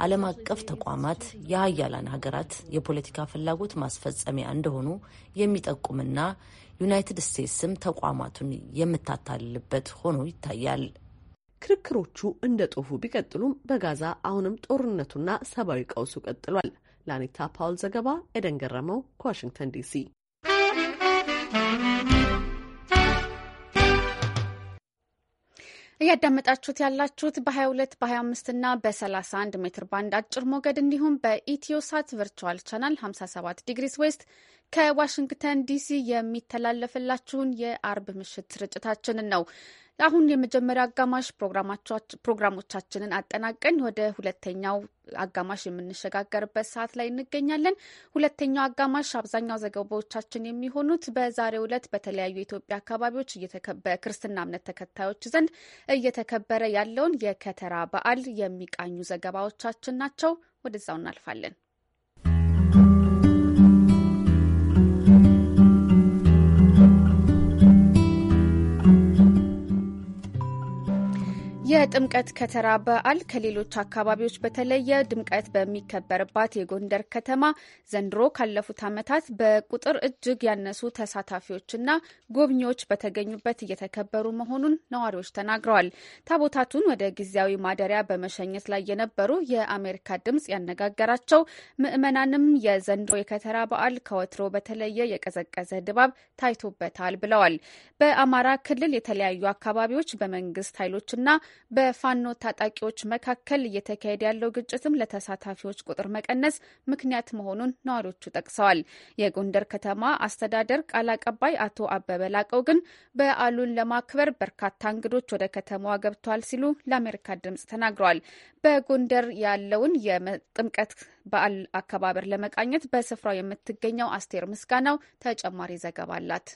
ዓለም አቀፍ ተቋማት የሀያላን ሀገራት የፖለቲካ ፍላጎት ማስፈጸሚያ እንደሆኑ የሚጠቁምና ዩናይትድ ስቴትስም ተቋማቱን የምታታልልበት ሆኖ ይታያል። ክርክሮቹ እንደ ጦፉ ቢቀጥሉም በጋዛ አሁንም ጦርነቱና ሰብአዊ ቀውሱ ቀጥሏል። ለአኒታ ፓውል ዘገባ ኤደን ገረመው ከዋሽንግተን ዲሲ እያዳመጣችሁት ያላችሁት በ22 በ25 እና በ31 ሜትር ባንድ አጭር ሞገድ እንዲሁም በኢትዮሳት ቨርቹዋል ቻናል 57 ዲግሪስ ዌስት ከዋሽንግተን ዲሲ የሚተላለፍላችሁን የአርብ ምሽት ስርጭታችንን ነው። አሁን የመጀመሪያ አጋማሽ ፕሮግራሞቻችንን አጠናቀን ወደ ሁለተኛው አጋማሽ የምንሸጋገርበት ሰዓት ላይ እንገኛለን። ሁለተኛው አጋማሽ አብዛኛው ዘገባዎቻችን የሚሆኑት በዛሬው ዕለት በተለያዩ የኢትዮጵያ አካባቢዎች በክርስትና እምነት ተከታዮች ዘንድ እየተከበረ ያለውን የከተራ በዓል የሚቃኙ ዘገባዎቻችን ናቸው። ወደዛው እናልፋለን። የጥምቀት ከተራ በዓል ከሌሎች አካባቢዎች በተለየ ድምቀት በሚከበርባት የጎንደር ከተማ ዘንድሮ ካለፉት ዓመታት በቁጥር እጅግ ያነሱ ተሳታፊዎችና ጎብኚዎች በተገኙበት እየተከበሩ መሆኑን ነዋሪዎች ተናግረዋል። ታቦታቱን ወደ ጊዜያዊ ማደሪያ በመሸኘት ላይ የነበሩ የአሜሪካ ድምፅ ያነጋገራቸው ምዕመናንም የዘንድሮ የከተራ በዓል ከወትሮ በተለየ የቀዘቀዘ ድባብ ታይቶበታል ብለዋል። በአማራ ክልል የተለያዩ አካባቢዎች በመንግስት ኃይሎችና በፋኖ ታጣቂዎች መካከል እየተካሄደ ያለው ግጭትም ለተሳታፊዎች ቁጥር መቀነስ ምክንያት መሆኑን ነዋሪዎቹ ጠቅሰዋል። የጎንደር ከተማ አስተዳደር ቃል አቀባይ አቶ አበበ ላቀው ግን በዓሉን ለማክበር በርካታ እንግዶች ወደ ከተማዋ ገብተዋል ሲሉ ለአሜሪካ ድምጽ ተናግረዋል። በጎንደር ያለውን የጥምቀት በዓል አከባበር ለመቃኘት በስፍራው የምትገኘው አስቴር ምስጋናው ተጨማሪ ዘገባ አላት።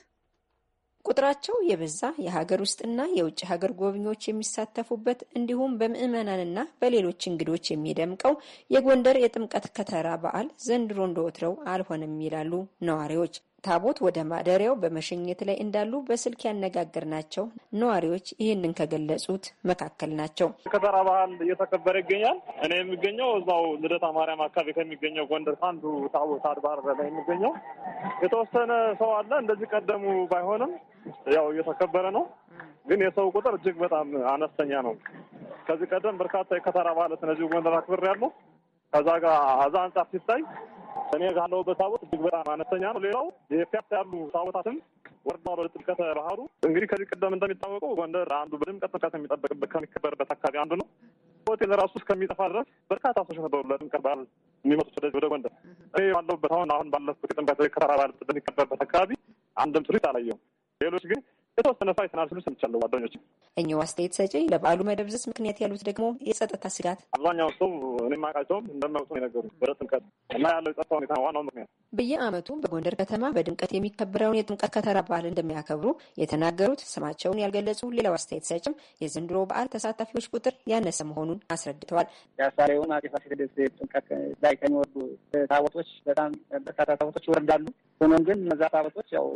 ቁጥራቸው የበዛ የሀገር ውስጥና የውጭ ሀገር ጎብኚዎች የሚሳተፉበት እንዲሁም በምዕመናንና በሌሎች እንግዶች የሚደምቀው የጎንደር የጥምቀት ከተራ በዓል ዘንድሮ እንደወትረው አልሆነም ይላሉ ነዋሪዎች። ታቦት ወደ ማደሪያው በመሸኘት ላይ እንዳሉ በስልክ ያነጋገርናቸው ነዋሪዎች ይህንን ከገለጹት መካከል ናቸው። ከተራ ባህል እየተከበረ ይገኛል። እኔ የሚገኘው እዛው ልደታ ማርያም አካባቢ ከሚገኘው ጎንደር አንዱ ታቦት አድባር ላይ የሚገኘው የተወሰነ ሰው አለ። እንደዚህ ቀደሙ ባይሆንም ያው እየተከበረ ነው። ግን የሰው ቁጥር እጅግ በጣም አነስተኛ ነው። ከዚህ ቀደም በርካታ የከተራ ባህል እነዚሁ ጎንደር አክብር ያለው ከዛ ጋር አዛ አንጻር ሲታይ እኔ ካለሁበት ታቦት እጅግ በጣም አነስተኛ ነው። ሌላው የካፕ ያሉ ታቦታትን ወርዳ ወደ ጥምቀተ ባህሩ እንግዲህ ከዚህ ቀደም እንደሚታወቀው ጎንደር አንዱ በድምቀት ጥምቀት የሚጠበቅበት ከሚከበርበት አካባቢ አንዱ ነው። ሆቴል ራሱ እስከሚጠፋ ድረስ በርካታ ሰዎች ነበሩ ለጥምቀት በዓል የሚመጡት ወደዚህ ወደ ጎንደር። እኔ ባለሁበት አሁን አሁን ባለፉት ጥምቀት ከተራ በዓል በሚከበርበት አካባቢ አንድም ቱሪስት አላየሁም። ሌሎች ግን የተወሰነ ሰው አይተናል ሲሉ ሰምቻለሁ ጓደኞች። እኚሁ አስተያየት ሰጪ ለበዓሉ መደብዘዝ ምክንያት ያሉት ደግሞ የጸጥታ ስጋት፣ አብዛኛው ሰው እኔ ማቃቸውም እንደማይወጡ የነገሩ ወደ ጥምቀት እና ያለው የጸጥታ ሁኔታ ዋናው ምክንያት። በየአመቱ በጎንደር ከተማ በድምቀት የሚከበረውን የጥምቀት ከተራ በዓል እንደሚያከብሩ የተናገሩት ስማቸውን ያልገለጹ ሌላው አስተያየት ሰጭም የዘንድሮ በዓል ተሳታፊዎች ቁጥር ያነሰ መሆኑን አስረድተዋል። ያሳሬውን አፄ ፋሲለደስ ጥምቀት ላይ ከሚወርዱ ታቦቶች በጣም በርካታ ታቦቶች ይወርዳሉ። ሆኖም ግን እነዛ ታቦቶች ያው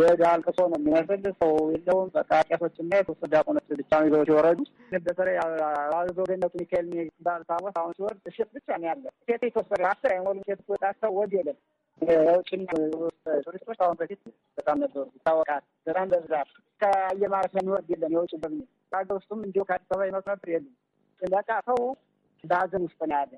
የዳ ነው የሚመስል ሰው የለውም። በቃ ቄሶችና የተወሰደ ዲያቆኖች ብቻ ነው ይዘው ሲወረዱ። በተለይ አበበ ገነቱ ሚካኤል የሚባል ታቦት አሁን ሲወርድ እሸት ብቻ ነው ያለ። እሸት የተወሰደ አስር አይሞሉም። እሸት ወጣቸው ወድ የለም። የውጭና ቱሪስቶች አሁን በፊት በጣም ነበሩ ይታወቃል። በጣም በብዛት ከየማረፍ የሚወርድ የለም። የውጭ በሚ ሀገር ውስጡም እንዲሁ ከአዲስ አበባ የመስ ነበር የሉም። በቃ ሰው በሀዘን ውስጥ ነው ያለ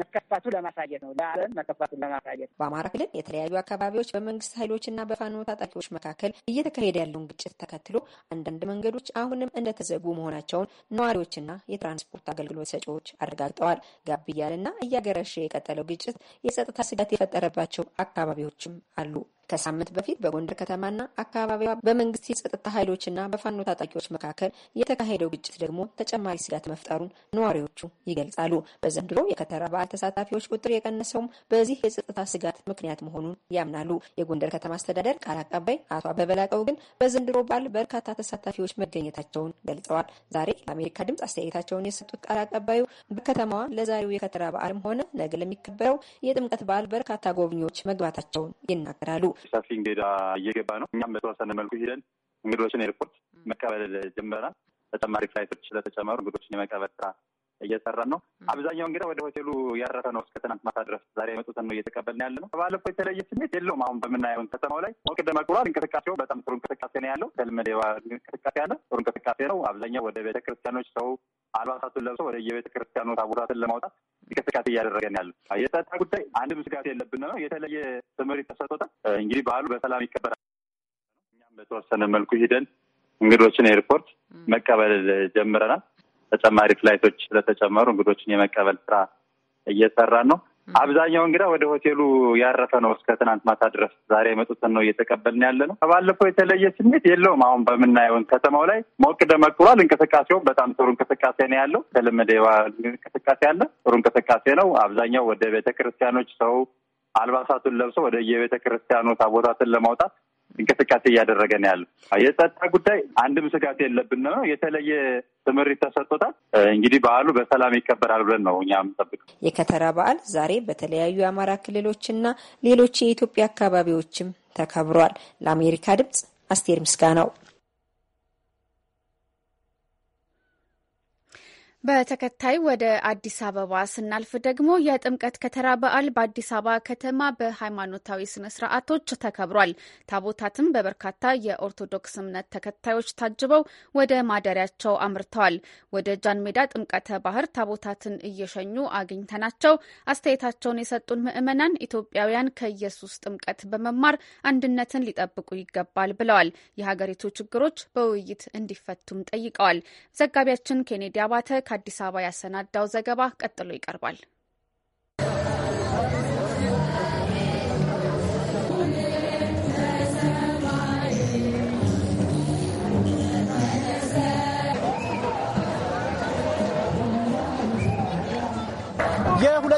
መከፋቱ ለማሳየት ነው። ለዓለም መከፋቱን ለማሳየት ነው። በአማራ ክልል የተለያዩ አካባቢዎች በመንግስት ኃይሎችና በፋኖ ታጣቂዎች መካከል እየተካሄደ ያለውን ግጭት ተከትሎ አንዳንድ መንገዶች አሁንም እንደተዘጉ መሆናቸውን ነዋሪዎችና የትራንስፖርት አገልግሎት ሰጪዎች አረጋግጠዋል። ጋብ እያለና እያገረሸ የቀጠለው ግጭት የጸጥታ ስጋት የፈጠረባቸው አካባቢዎችም አሉ። ከሳምንት በፊት በጎንደር ከተማና አካባቢዋ በመንግስት የጸጥታ ኃይሎችና በፋኖ ታጣቂዎች መካከል የተካሄደው ግጭት ደግሞ ተጨማሪ ስጋት መፍጠሩን ነዋሪዎቹ ይገልጻሉ። በዘንድሮ የከተራ በዓል ተሳታፊዎች ቁጥር የቀነሰውም በዚህ የጸጥታ ስጋት ምክንያት መሆኑን ያምናሉ። የጎንደር ከተማ አስተዳደር ቃል አቀባይ አቶ አበበላቀው ግን በዘንድሮ በዓል በርካታ ተሳታፊዎች መገኘታቸውን ገልጸዋል። ዛሬ ለአሜሪካ ድምፅ አስተያየታቸውን የሰጡት ቃል አቀባዩ በከተማዋ ለዛሬው የከተራ በዓልም ሆነ ነገ ለሚከበረው የጥምቀት በዓል በርካታ ጎብኚዎች መግባታቸውን ይናገራሉ። ሰፊ እንግዳ እየገባ ነው። እኛም በተወሰነ መልኩ ሂደን እንግዶችን ኤርፖርት መቀበል ጀምረናል። ተጨማሪ ፍላይቶች ስለተጨመሩ እንግዶችን የመቀበል ስራ እየሰራን ነው። አብዛኛው እንግዳ ወደ ሆቴሉ ያረፈ ነው እስከ ትናንት ማታ ድረስ። ዛሬ የመጡትን ነው እየተቀበልን ያለ ነው። ባለፈው የተለየ ስሜት የለውም። አሁን በምናየውን ከተማው ላይ ሞቅ ደመቅ ብሏል። እንቅስቃሴው በጣም ጥሩ እንቅስቃሴ ነው ያለው። ተልመደ እንቅስቃሴ ያለ ጥሩ እንቅስቃሴ ነው። አብዛኛው ወደ ቤተክርስቲያኖች ሰው አልባሳቱን ለብሶ ወደ የቤተክርስቲያኑ ታቦታትን ለማውጣት እንቅስቃሴ እያደረገን ያለ። የጸጥታ ጉዳይ አንድም ስጋት የለብን ነው። የተለየ ትምህርት ተሰጥቶታል። እንግዲህ በዓሉ በሰላም ይከበራል። እኛም በተወሰነ መልኩ ሂደን እንግዶችን ኤርፖርት መቀበል ጀምረናል። ተጨማሪ ፍላይቶች ስለተጨመሩ እንግዶችን የመቀበል ስራ እየሰራ ነው። አብዛኛው እንግዳ ወደ ሆቴሉ ያረፈ ነው እስከ ትናንት ማታ ድረስ። ዛሬ የመጡትን ነው እየተቀበልን ያለ ነው። ከባለፈው የተለየ ስሜት የለውም። አሁን በምናየውን ከተማው ላይ ሞቅ ደመቅ ብሏል። እንቅስቃሴውም በጣም ጥሩ እንቅስቃሴ ነው ያለው። የተለመደ እንቅስቃሴ አለ፣ ጥሩ እንቅስቃሴ ነው። አብዛኛው ወደ ቤተክርስቲያኖች ሰው አልባሳቱን ለብሶ ወደ የቤተክርስቲያኑ ታቦታትን ለማውጣት እንቅስቃሴ እያደረገ ነው ያሉ። የጸጥታ ጉዳይ አንድም ስጋት የለብን ነው። የተለየ ትምህርት ተሰጥቶታል። እንግዲህ በዓሉ በሰላም ይከበራል ብለን ነው እኛ ጠብቅ። የከተራ በዓል ዛሬ በተለያዩ የአማራ ክልሎችና ሌሎች የኢትዮጵያ አካባቢዎችም ተከብሯል። ለአሜሪካ ድምጽ አስቴር ነው። በተከታይ ወደ አዲስ አበባ ስናልፍ ደግሞ የጥምቀት ከተራ በዓል በአዲስ አበባ ከተማ በሃይማኖታዊ ስነ ስርዓቶች ተከብሯል። ታቦታትም በበርካታ የኦርቶዶክስ እምነት ተከታዮች ታጅበው ወደ ማደሪያቸው አምርተዋል። ወደ ጃንሜዳ ጥምቀተ ባህር ታቦታትን እየሸኙ አግኝተናቸው አስተያየታቸውን የሰጡን ምዕመናን ኢትዮጵያውያን ከኢየሱስ ጥምቀት በመማር አንድነትን ሊጠብቁ ይገባል ብለዋል። የሀገሪቱ ችግሮች በውይይት እንዲፈቱም ጠይቀዋል። ዘጋቢያችን ኬኔዲ አባተ ከአዲስ አበባ ያሰናዳው ዘገባ ቀጥሎ ይቀርባል።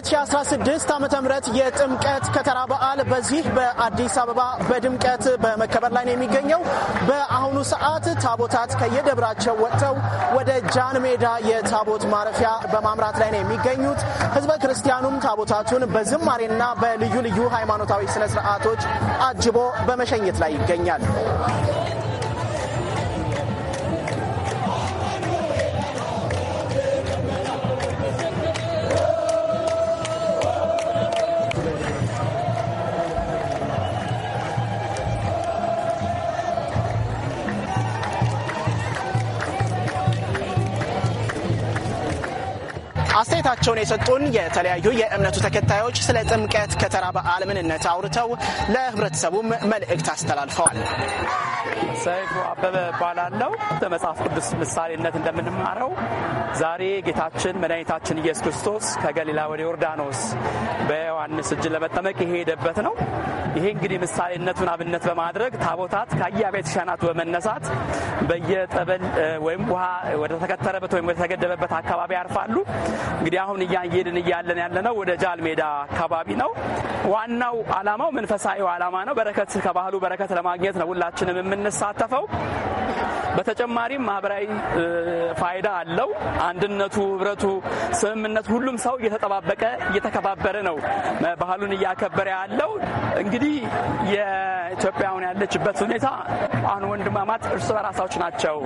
2016 ዓ ም የጥምቀት ከተራ በዓል በዚህ በአዲስ አበባ በድምቀት በመከበር ላይ ነው የሚገኘው። በአሁኑ ሰዓት ታቦታት ከየደብራቸው ወጥተው ወደ ጃን ሜዳ የታቦት ማረፊያ በማምራት ላይ ነው የሚገኙት። ህዝበ ክርስቲያኑም ታቦታቱን በዝማሬና በልዩ ልዩ ሃይማኖታዊ ስነ ስርዓቶች አጅቦ በመሸኘት ላይ ይገኛል። አስተያየታቸውን የሰጡን የተለያዩ የእምነቱ ተከታዮች ስለ ጥምቀት ከተራ በዓል ምንነት አውርተው ለህብረተሰቡም መልእክት አስተላልፈዋል። ሰይፉ አበበ ባላለው በመጽሐፍ ቅዱስ ምሳሌነት እንደምንማረው ዛሬ ጌታችን መድኃኒታችን ኢየሱስ ክርስቶስ ከገሊላ ወደ ዮርዳኖስ በዮሐንስ እጅ ለመጠመቅ የሄደበት ነው። ይሄ እንግዲህ ምሳሌነቱን አብነት በማድረግ ታቦታት ከአብያተ ክርስቲያናት በመነሳት በየጠበል ወይም ውሃ ወደ ተከተረበት ወይም ወደ ተገደበበት አካባቢ ያርፋሉ። እንግዲህ አሁን እያየድን እያለን ነው ወደ ጃል ሜዳ አካባቢ ነው። ዋናው አላማው መንፈሳዊ ዓላማ ነው። በረከት ከባህሉ በረከት ለማግኘት ነው ሁላችንም የምንሳት የሚሳተፈው። በተጨማሪም ማህበራዊ ፋይዳ አለው። አንድነቱ፣ ህብረቱ፣ ስምምነት ሁሉም ሰው እየተጠባበቀ እየተከባበረ ነው ባህሉን እያከበረ ያለው። እንግዲህ የኢትዮጵያውን ያለችበት ሁኔታ አሁን ወንድማማት እርስ በራሳዎች ናቸው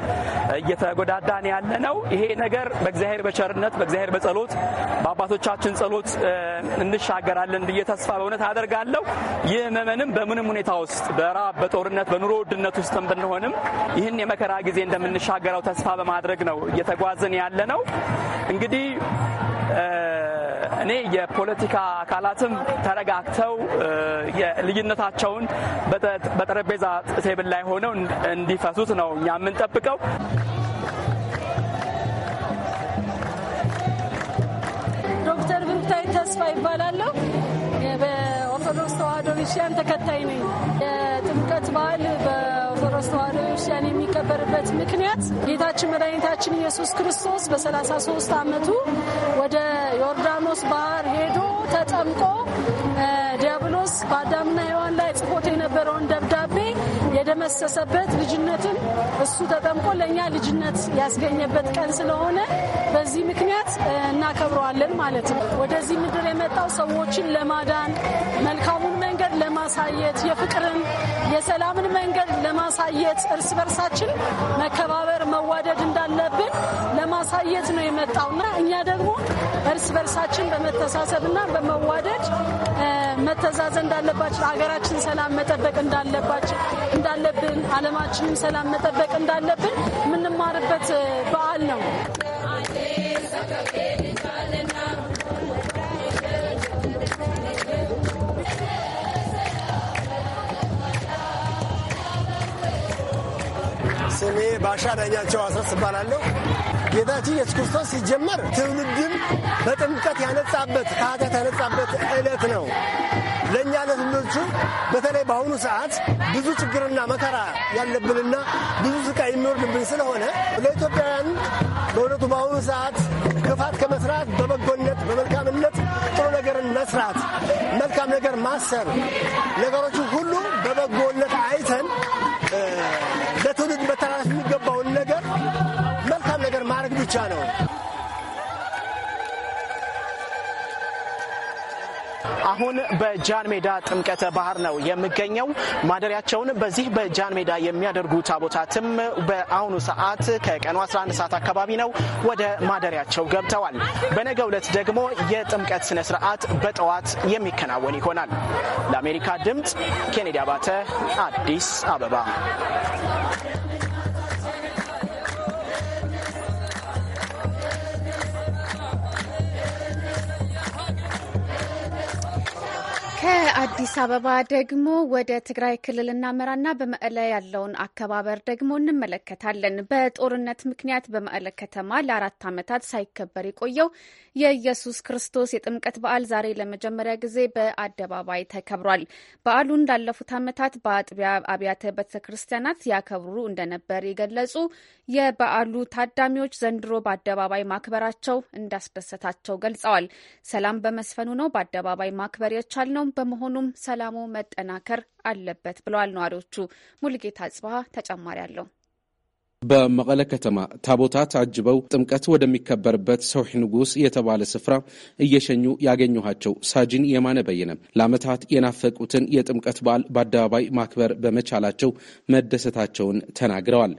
እየተጎዳዳን ያለ ነው። ይሄ ነገር በእግዚአብሔር በቸርነት በእግዚአብሔር በጸሎት በአባቶቻችን ጸሎት እንሻገራለን ብዬ ተስፋ በእውነት አደርጋለሁ። ይህ መመንም በምንም ሁኔታ ውስጥ በራብ በጦርነት በኑሮ ውድነት ውስጥ ባንሆንም ይህን የመከራ ጊዜ እንደምንሻገረው ተስፋ በማድረግ ነው እየተጓዝን ያለ ነው። እንግዲህ እኔ የፖለቲካ አካላትም ተረጋግተው ልዩነታቸውን በጠረጴዛ ቴብል ላይ ሆነው እንዲፈቱት ነው እኛ የምንጠብቀው። ዶክተር ብሩክታዊ ተስፋ ይባላለሁ። ተዋህዶ ቤተክርስቲያን ተከታይ ነኝ። የጥምቀት በዓል በኦርቶዶክስ ተዋህዶ ቤተክርስቲያን የሚከበርበት ምክንያት ጌታችን መድኃኒታችን ኢየሱስ ክርስቶስ በ33 ዓመቱ ወደ ዮርዳኖስ ባህር ሄዶ ተጠምቆ ዲያብሎስ በአዳምና ሔዋን ላይ ጽፎት የነበረውን ደብ የደመሰሰበት ልጅነትን እሱ ተጠምቆ ለእኛ ልጅነት ያስገኘበት ቀን ስለሆነ በዚህ ምክንያት እናከብረዋለን ማለት ነው። ወደዚህ ምድር የመጣው ሰዎችን ለማዳን መልካሙን መንገድ ለማሳየት የፍቅርን የሰላምን መንገድ ለማሳየት እርስ በርሳችን መከባበር፣ መዋደድ እንዳለብን ለማሳየት ነው የመጣውና እኛ ደግሞ እርስ በርሳችን በመተሳሰብና በመዋደድ መተዛዘን እንዳለባችን ሀገራችን ሰላም መጠበቅ እንዳለባችን እንዳለብን አለማችንም ሰላም መጠበቅ እንዳለብን የምንማርበት በዓል ነው። ስሜ ባሻ ዳኛቸው አስረስ እባላለሁ። ጌታችን ኢየሱስ ክርስቶስ ሲጀመር ትውልድም በጥምቀት ያነጻበት ከኃጢአት ያነጻበት ዕለት ነው። ለእኛ ለትንዶቹ በተለይ በአሁኑ ሰዓት ብዙ ችግርና መከራ ያለብንና ብዙ ስቃይ የሚወርድብን ስለሆነ ለኢትዮጵያውያን በእውነቱ በአሁኑ ሰዓት ክፋት ከመስራት በበጎነት በመልካምነት ጥሩ ነገርን መስራት፣ መልካም ነገር ማሰብ፣ ነገሮቹ ሁሉ በበጎነት አይተን ለትውልድ መተላለፍ የሚገባውን ነገር መልካም ነገር ማድረግ ብቻ ነው። አሁን በጃን ሜዳ ጥምቀተ ባህር ነው የሚገኘው። ማደሪያቸውን በዚህ በጃን ሜዳ የሚያደርጉ ታቦታትም በአሁኑ ሰዓት ከቀኑ 11 ሰዓት አካባቢ ነው ወደ ማደሪያቸው ገብተዋል። በነገ ዕለት ደግሞ የጥምቀት ስነ ስርዓት በጠዋት የሚከናወን ይሆናል። ለአሜሪካ ድምፅ ኬኔዲ አባተ አዲስ አበባ ከአዲስ አበባ ደግሞ ወደ ትግራይ ክልል እናመራና በመቀለ ያለውን አከባበር ደግሞ እንመለከታለን። በጦርነት ምክንያት በመቀለ ከተማ ለአራት ዓመታት ሳይከበር የቆየው የኢየሱስ ክርስቶስ የጥምቀት በዓል ዛሬ ለመጀመሪያ ጊዜ በአደባባይ ተከብሯል። በዓሉ እንዳለፉት ዓመታት በአጥቢያ አብያተ ቤተ ክርስቲያናት ያከብሩ እንደነበር የገለጹ የበዓሉ ታዳሚዎች ዘንድሮ በአደባባይ ማክበራቸው እንዳስደሰታቸው ገልጸዋል። ሰላም በመስፈኑ ነው በአደባባይ ማክበር የቻል ነው። በመሆኑም ሰላሙ መጠናከር አለበት ብለዋል ነዋሪዎቹ። ሙልጌታ ጽባሀ ተጨማሪ አለው። በመቀለ ከተማ ታቦታት አጅበው ጥምቀት ወደሚከበርበት ሰውሒ ንጉስ የተባለ ስፍራ እየሸኙ ያገኘኋቸው ሳጂን የማነ በየነ ለዓመታት የናፈቁትን የጥምቀት በዓል በአደባባይ ማክበር በመቻላቸው መደሰታቸውን ተናግረዋል።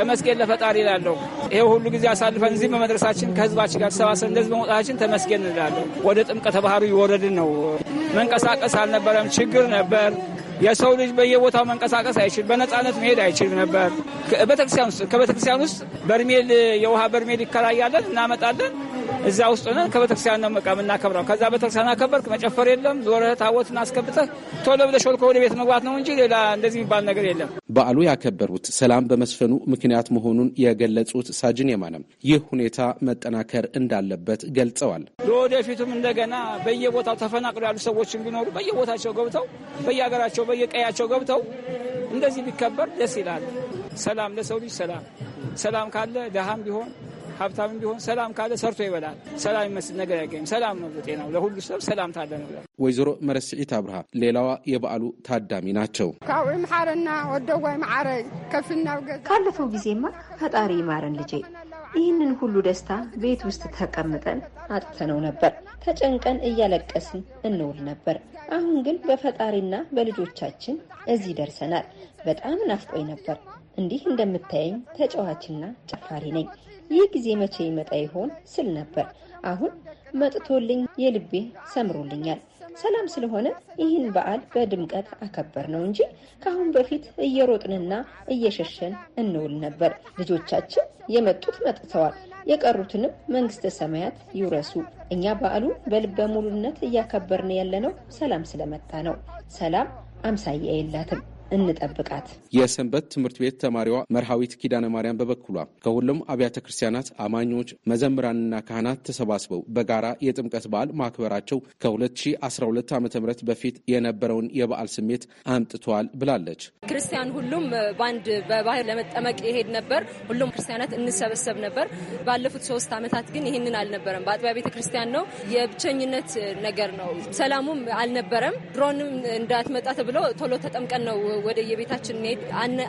ተመስገን ለፈጣሪ እላለሁ። ይሄ ሁሉ ጊዜ አሳልፈን እዚህ በመድረሳችን ከህዝባችን ጋር ተሰባሰብ እንደዚህ በመውጣታችን ተመስገን እላለሁ። ወደ ጥምቀተ ባህሩ ይወረድን ነው። መንቀሳቀስ አልነበረም፣ ችግር ነበር። የሰው ልጅ በየቦታው መንቀሳቀስ አይችልም፣ በነፃነት መሄድ አይችልም ነበር። ከቤተክርስቲያን ውስጥ በርሜል የውሃ በርሜል ይከራያለን እናመጣለን እዛ ውስጥ ሆነን ከቤተክርስቲያን ነው በቃ የምናከብረው። ከዛ ቤተክርስቲያን አከበርክ መጨፈር የለም ዞረ ታቦትን አስከብተህ ቶሎ ብለህ ሾልኮ ወደ ቤት መግባት ነው እንጂ ሌላ እንደዚህ የሚባል ነገር የለም። በዓሉ ያከበሩት ሰላም በመስፈኑ ምክንያት መሆኑን የገለጹት ሳጅን የማነም ይህ ሁኔታ መጠናከር እንዳለበት ገልጸዋል። ለወደፊቱም እንደገና በየቦታው ተፈናቅሎ ያሉ ሰዎችን ቢኖሩ በየቦታቸው ገብተው በየሀገራቸው በየቀያቸው ገብተው እንደዚህ ቢከበር ደስ ይላል። ሰላም ለሰው ልጅ ሰላም ሰላም ካለ ደሃም ቢሆን ሀብታም ቢሆን ሰላም ካለ ሰርቶ ይበላል። ሰላም ይመስል ነገር አይገኝም። ሰላም ነው ለሁሉ ሰብ ሰላም ታለ ነው። ወይዘሮ መረስዒት አብርሃ ሌላዋ የበዓሉ ታዳሚ ናቸው። ካብኡ መሓረና ወደዋይ ማዓረ ከፍናው ገዛ ካለፈው ጊዜማ ፈጣሪ ይማረን ልጄ። ይህንን ሁሉ ደስታ ቤት ውስጥ ተቀምጠን አጥተነው ነበር። ተጨንቀን እያለቀስን እንውል ነበር። አሁን ግን በፈጣሪና በልጆቻችን እዚህ ደርሰናል። በጣም ናፍቆኝ ነበር። እንዲህ እንደምታየኝ ተጫዋችና ጨፋሪ ነኝ። ይህ ጊዜ መቼ ይመጣ ይሆን ስል ነበር። አሁን መጥቶልኝ የልቤ ሰምሮልኛል። ሰላም ስለሆነ ይህን በዓል በድምቀት አከበር ነው እንጂ ከአሁን በፊት እየሮጥንና እየሸሸን እንውል ነበር። ልጆቻችን የመጡት መጥተዋል፣ የቀሩትንም መንግስተ ሰማያት ይውረሱ። እኛ በአሉ በልበ ሙሉነት እያከበርን ያለነው ሰላም ስለመጣ ነው። ሰላም አምሳያ የላትም። እንጠብቃት። የሰንበት ትምህርት ቤት ተማሪዋ መርሃዊት ኪዳነ ማርያም በበኩሏ ከሁሉም አብያተ ክርስቲያናት አማኞች፣ መዘምራንና ካህናት ተሰባስበው በጋራ የጥምቀት በዓል ማክበራቸው ከ2012 ዓ ም በፊት የነበረውን የበዓል ስሜት አምጥተዋል ብላለች። ክርስቲያን ሁሉም በአንድ በባህር ለመጠመቅ ይሄድ ነበር። ሁሉም ክርስቲያናት እንሰበሰብ ነበር። ባለፉት ሶስት ዓመታት ግን ይህንን አልነበረም። በአጥቢያ ቤተ ክርስቲያን ነው። የብቸኝነት ነገር ነው። ሰላሙም አልነበረም። ድሮንም እንዳትመጣ ተብሎ ቶሎ ተጠምቀን ነው ወደ የቤታችን እንሄድ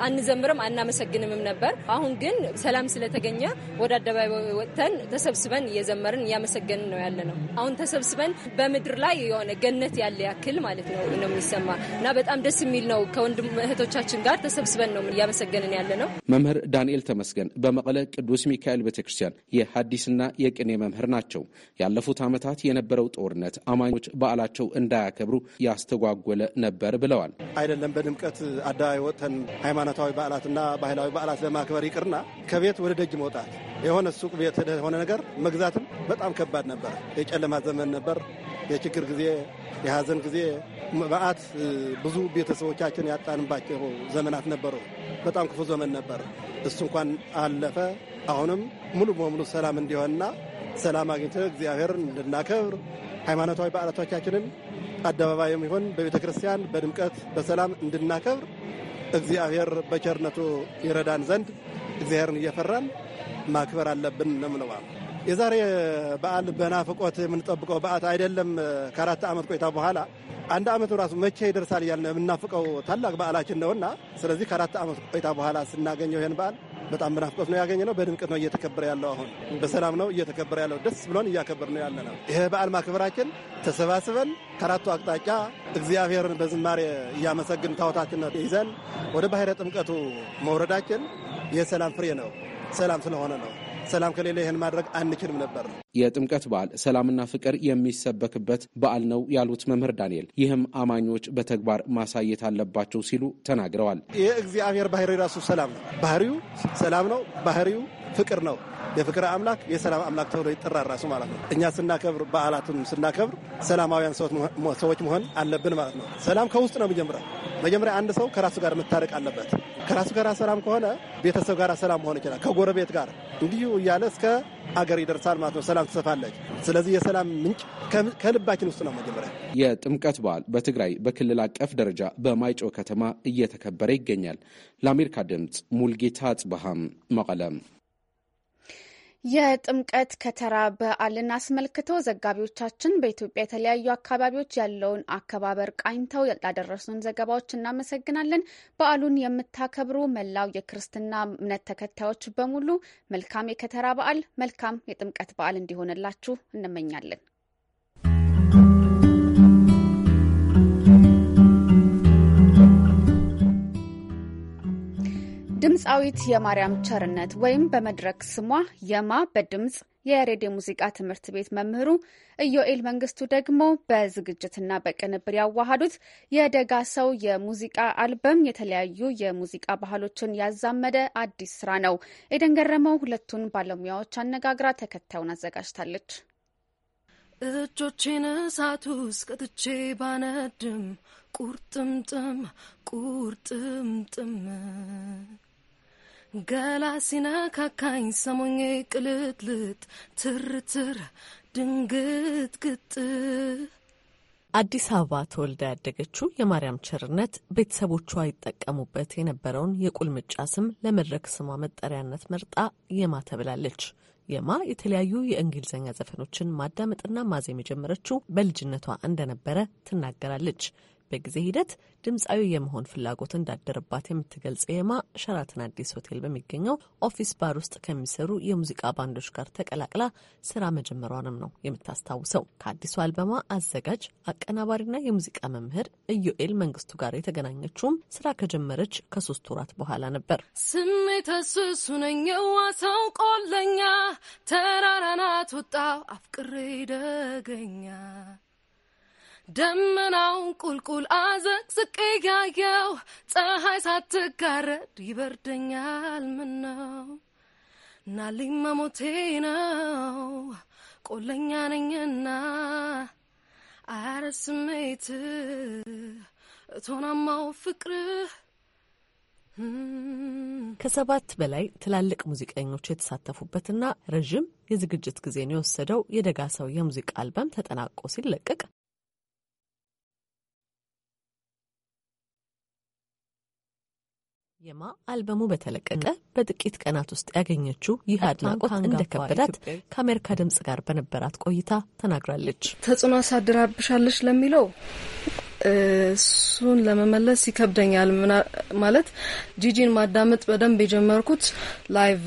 አንዘምርም፣ አናመሰግንምም ነበር። አሁን ግን ሰላም ስለተገኘ ወደ አደባባይ ወጥተን ተሰብስበን እየዘመርን እያመሰገንን ነው ያለ ነው። አሁን ተሰብስበን በምድር ላይ የሆነ ገነት ያለ ያክል ማለት ነው ነው የሚሰማ እና በጣም ደስ የሚል ነው። ከወንድም እህቶቻችን ጋር ተሰብስበን ነው እያመሰገንን ያለ ነው። መምህር ዳንኤል ተመስገን በመቀለ ቅዱስ ሚካኤል ቤተክርስቲያን የሀዲስና የቅኔ መምህር ናቸው። ያለፉት ዓመታት የነበረው ጦርነት አማኞች በዓላቸው እንዳያከብሩ ያስተጓጎለ ነበር ብለዋል። አይደለም በድምቀት በዓላት አደባባይ ወጥተን ሃይማኖታዊ በዓላትና ባህላዊ በዓላት ለማክበር ይቅርና ከቤት ወደ ደጅ መውጣት የሆነ ሱቅ ቤት የሆነ ነገር መግዛትም በጣም ከባድ ነበር። የጨለማ ዘመን ነበር። የችግር ጊዜ፣ የሀዘን ጊዜ መዓት ብዙ ቤተሰቦቻችን ያጣንባቸው ዘመናት ነበሩ። በጣም ክፉ ዘመን ነበር። እሱ እንኳን አለፈ። አሁንም ሙሉ በሙሉ ሰላም እንዲሆንና ሰላም አግኝተ እግዚአብሔር እንድናከብር ሃይማኖታዊ በዓላቶቻችንን አደባባይም ይሁን በቤተ ክርስቲያን በድምቀት በሰላም እንድናከብር እግዚአብሔር በቸርነቱ ይረዳን ዘንድ እግዚአብሔርን እየፈራን ማክበር አለብን ነው ምንባል የዛሬ በዓል በናፍቆት የምንጠብቀው በዓት አይደለም። ከአራት ዓመት ቆይታ በኋላ አንድ ዓመት ራሱ መቼ ይደርሳል እያልን የምናፍቀው ታላቅ በዓላችን ነውና ስለዚህ ከአራት ዓመት ቆይታ በኋላ ስናገኘው ይህን በዓል በጣም በናፍቆት ነው ያገኘ ነው። በድምቀት ነው እየተከበረ ያለው። አሁን በሰላም ነው እየተከበረ ያለው። ደስ ብሎን እያከበር ነው ያለ ነው። ይሄ በዓል ማክበራችን ተሰባስበን ከአራቱ አቅጣጫ እግዚአብሔርን በዝማሬ እያመሰግን ታወታችን ነው ይዘን ወደ ባህረ ጥምቀቱ መውረዳችን የሰላም ፍሬ ነው። ሰላም ስለሆነ ነው። ሰላም ከሌለ ይህን ማድረግ አንችልም ነበር። የጥምቀት በዓል ሰላምና ፍቅር የሚሰበክበት በዓል ነው ያሉት መምህር ዳንኤል፣ ይህም አማኞች በተግባር ማሳየት አለባቸው ሲሉ ተናግረዋል። የእግዚአብሔር ባህሪ ራሱ ሰላም ነው። ባህሪው ሰላም ነው። ባህሪው ፍቅር ነው። የፍቅር አምላክ የሰላም አምላክ ተብሎ ይጠራል ራሱ ማለት ነው። እኛ ስናከብር፣ በዓላቱን ስናከብር ሰላማውያን ሰዎች መሆን አለብን ማለት ነው። ሰላም ከውስጥ ነው የሚጀምረው። መጀመሪያ አንድ ሰው ከራሱ ጋር መታረቅ አለበት። ከራሱ ጋር ሰላም ከሆነ ቤተሰብ ጋር ሰላም መሆን ይችላል። ከጎረቤት ጋር እንዲሁ እያለ እስከ አገር ይደርሳል ማለት ነው። ሰላም ትሰፋለች። ስለዚህ የሰላም ምንጭ ከልባችን ውስጥ ነው መጀመሪያ። የጥምቀት በዓል በትግራይ በክልል አቀፍ ደረጃ በማይጮ ከተማ እየተከበረ ይገኛል። ለአሜሪካ ድምፅ ሙልጌታ አጽበሃም መቀለም የጥምቀት ከተራ በዓልን አስመልክቶ ዘጋቢዎቻችን በኢትዮጵያ የተለያዩ አካባቢዎች ያለውን አከባበር ቃኝተው ላደረሱን ዘገባዎች እናመሰግናለን። በዓሉን የምታከብሩ መላው የክርስትና እምነት ተከታዮች በሙሉ መልካም የከተራ በዓል፣ መልካም የጥምቀት በዓል እንዲሆንላችሁ እንመኛለን። ድምፃዊት የማርያም ቸርነት ወይም በመድረክ ስሟ የማ በድምፅ የሬዲዮ ሙዚቃ ትምህርት ቤት መምህሩ ኢዮኤል መንግስቱ ደግሞ በዝግጅትና በቅንብር ያዋሃዱት የደጋ ሰው የሙዚቃ አልበም የተለያዩ የሙዚቃ ባህሎችን ያዛመደ አዲስ ስራ ነው። ኤደን ገረመው ሁለቱን ባለሙያዎች አነጋግራ ተከታዩን አዘጋጅታለች። እጆቼን እሳቱ እስቅትቼ ባነድም ቁርጥምጥም ቁርጥምጥም ገላ ሲነካካኝ ሰሞኜ ቅልጥልጥ ትርትር ድንግጥግጥ። አዲስ አበባ ተወልዳ ያደገችው የማርያም ቸርነት ቤተሰቦቿ ይጠቀሙበት የነበረውን የቁልምጫ ስም ለመድረክ ስሟ መጠሪያነት መርጣ የማ ተብላለች። የማ የተለያዩ የእንግሊዝኛ ዘፈኖችን ማዳመጥና ማዜም የጀመረችው በልጅነቷ እንደነበረ ትናገራለች። በጊዜ ሂደት ድምፃዊ የመሆን ፍላጎት እንዳደረባት የምትገልጽ የማ ሸራተን አዲስ ሆቴል በሚገኘው ኦፊስ ባር ውስጥ ከሚሰሩ የሙዚቃ ባንዶች ጋር ተቀላቅላ ስራ መጀመሯንም ነው የምታስታውሰው። ከአዲሱ አልበማ አዘጋጅ አቀናባሪና የሙዚቃ መምህር ኢዮኤል መንግስቱ ጋር የተገናኘችውም ስራ ከጀመረች ከሶስት ወራት በኋላ ነበር። ስሜት ስሱነኛዋ ሰው ቆለኛ ተራራናት ወጣ አፍቅሬ ደገኛ ደመናውን ቁልቁል አዘቅዝቅ ያየው ፀሐይ ሳትጋረድ ይበርደኛል ምነው ናልኝ መሞቴ ነው ቆለኛ ነኝና አያረ ስሜት እቶናማው ፍቅር ከሰባት በላይ ትላልቅ ሙዚቀኞች የተሳተፉበትና ረዥም የዝግጅት ጊዜን የወሰደው የደጋ ሰው የሙዚቃ አልበም ተጠናቆ ሲለቀቅ የማ አልበሙ በተለቀቀ በጥቂት ቀናት ውስጥ ያገኘችው ይህ አድናቆት እንደከበዳት ከአሜሪካ ድምጽ ጋር በነበራት ቆይታ ተናግራለች። ተጽዕኖ አሳድራብሻለች ለሚለው እሱን ለመመለስ ይከብደኛል። ማለት ጂጂን ማዳመጥ በደንብ የጀመርኩት ላይቭ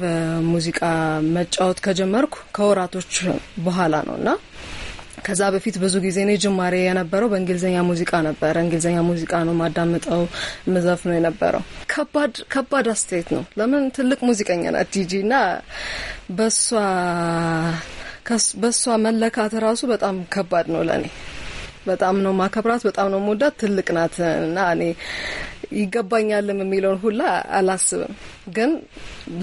ሙዚቃ መጫወት ከጀመርኩ ከወራቶች በኋላ ነው እና ከዛ በፊት ብዙ ጊዜ እኔ ጅማሬ የነበረው በእንግሊዝኛ ሙዚቃ ነበረ። እንግሊዝኛ ሙዚቃ ነው ማዳምጠው ምዘፍ ነው የነበረው። ከባድ ከባድ አስተያየት ነው። ለምን ትልቅ ሙዚቀኛ ናት ዲጂ እና በሷ መለካት ራሱ በጣም ከባድ ነው ለእኔ። በጣም ነው ማከብራት፣ በጣም ነው መውዳት። ትልቅ ናት እና እኔ ይገባኛልም የሚለውን ሁላ አላስብም። ግን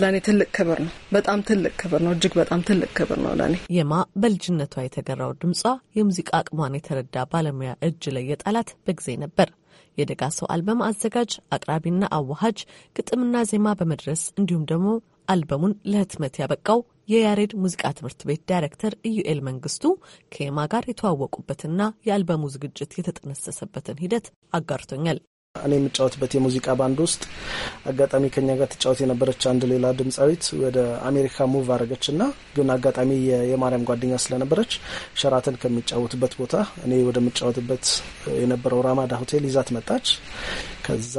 ለእኔ ትልቅ ክብር ነው። በጣም ትልቅ ክብር ነው። እጅግ በጣም ትልቅ ክብር ነው ለእኔ። የማ በልጅነቷ የተገራው ድምጿ የሙዚቃ አቅሟን የተረዳ ባለሙያ እጅ ላይ የጣላት በጊዜ ነበር። የደጋ ሰው አልበም አዘጋጅ አቅራቢና አዋሃጅ፣ ግጥምና ዜማ በመድረስ እንዲሁም ደግሞ አልበሙን ለህትመት ያበቃው የያሬድ ሙዚቃ ትምህርት ቤት ዳይሬክተር ኢዩኤል መንግስቱ ከየማ ጋር የተዋወቁበትና የአልበሙ ዝግጅት የተጠነሰሰበትን ሂደት አጋርቶኛል። እኔ የምጫወትበት የሙዚቃ ባንድ ውስጥ አጋጣሚ ከኛ ጋር ትጫወት የነበረች አንድ ሌላ ድምፃዊት ወደ አሜሪካ ሙቭ አረገች ና ግን አጋጣሚ የማርያም ጓደኛ ስለነበረች ሸራተን ከሚጫወትበት ቦታ እኔ ወደምጫወትበት የነበረው ራማዳ ሆቴል ይዛት መጣች። ከዛ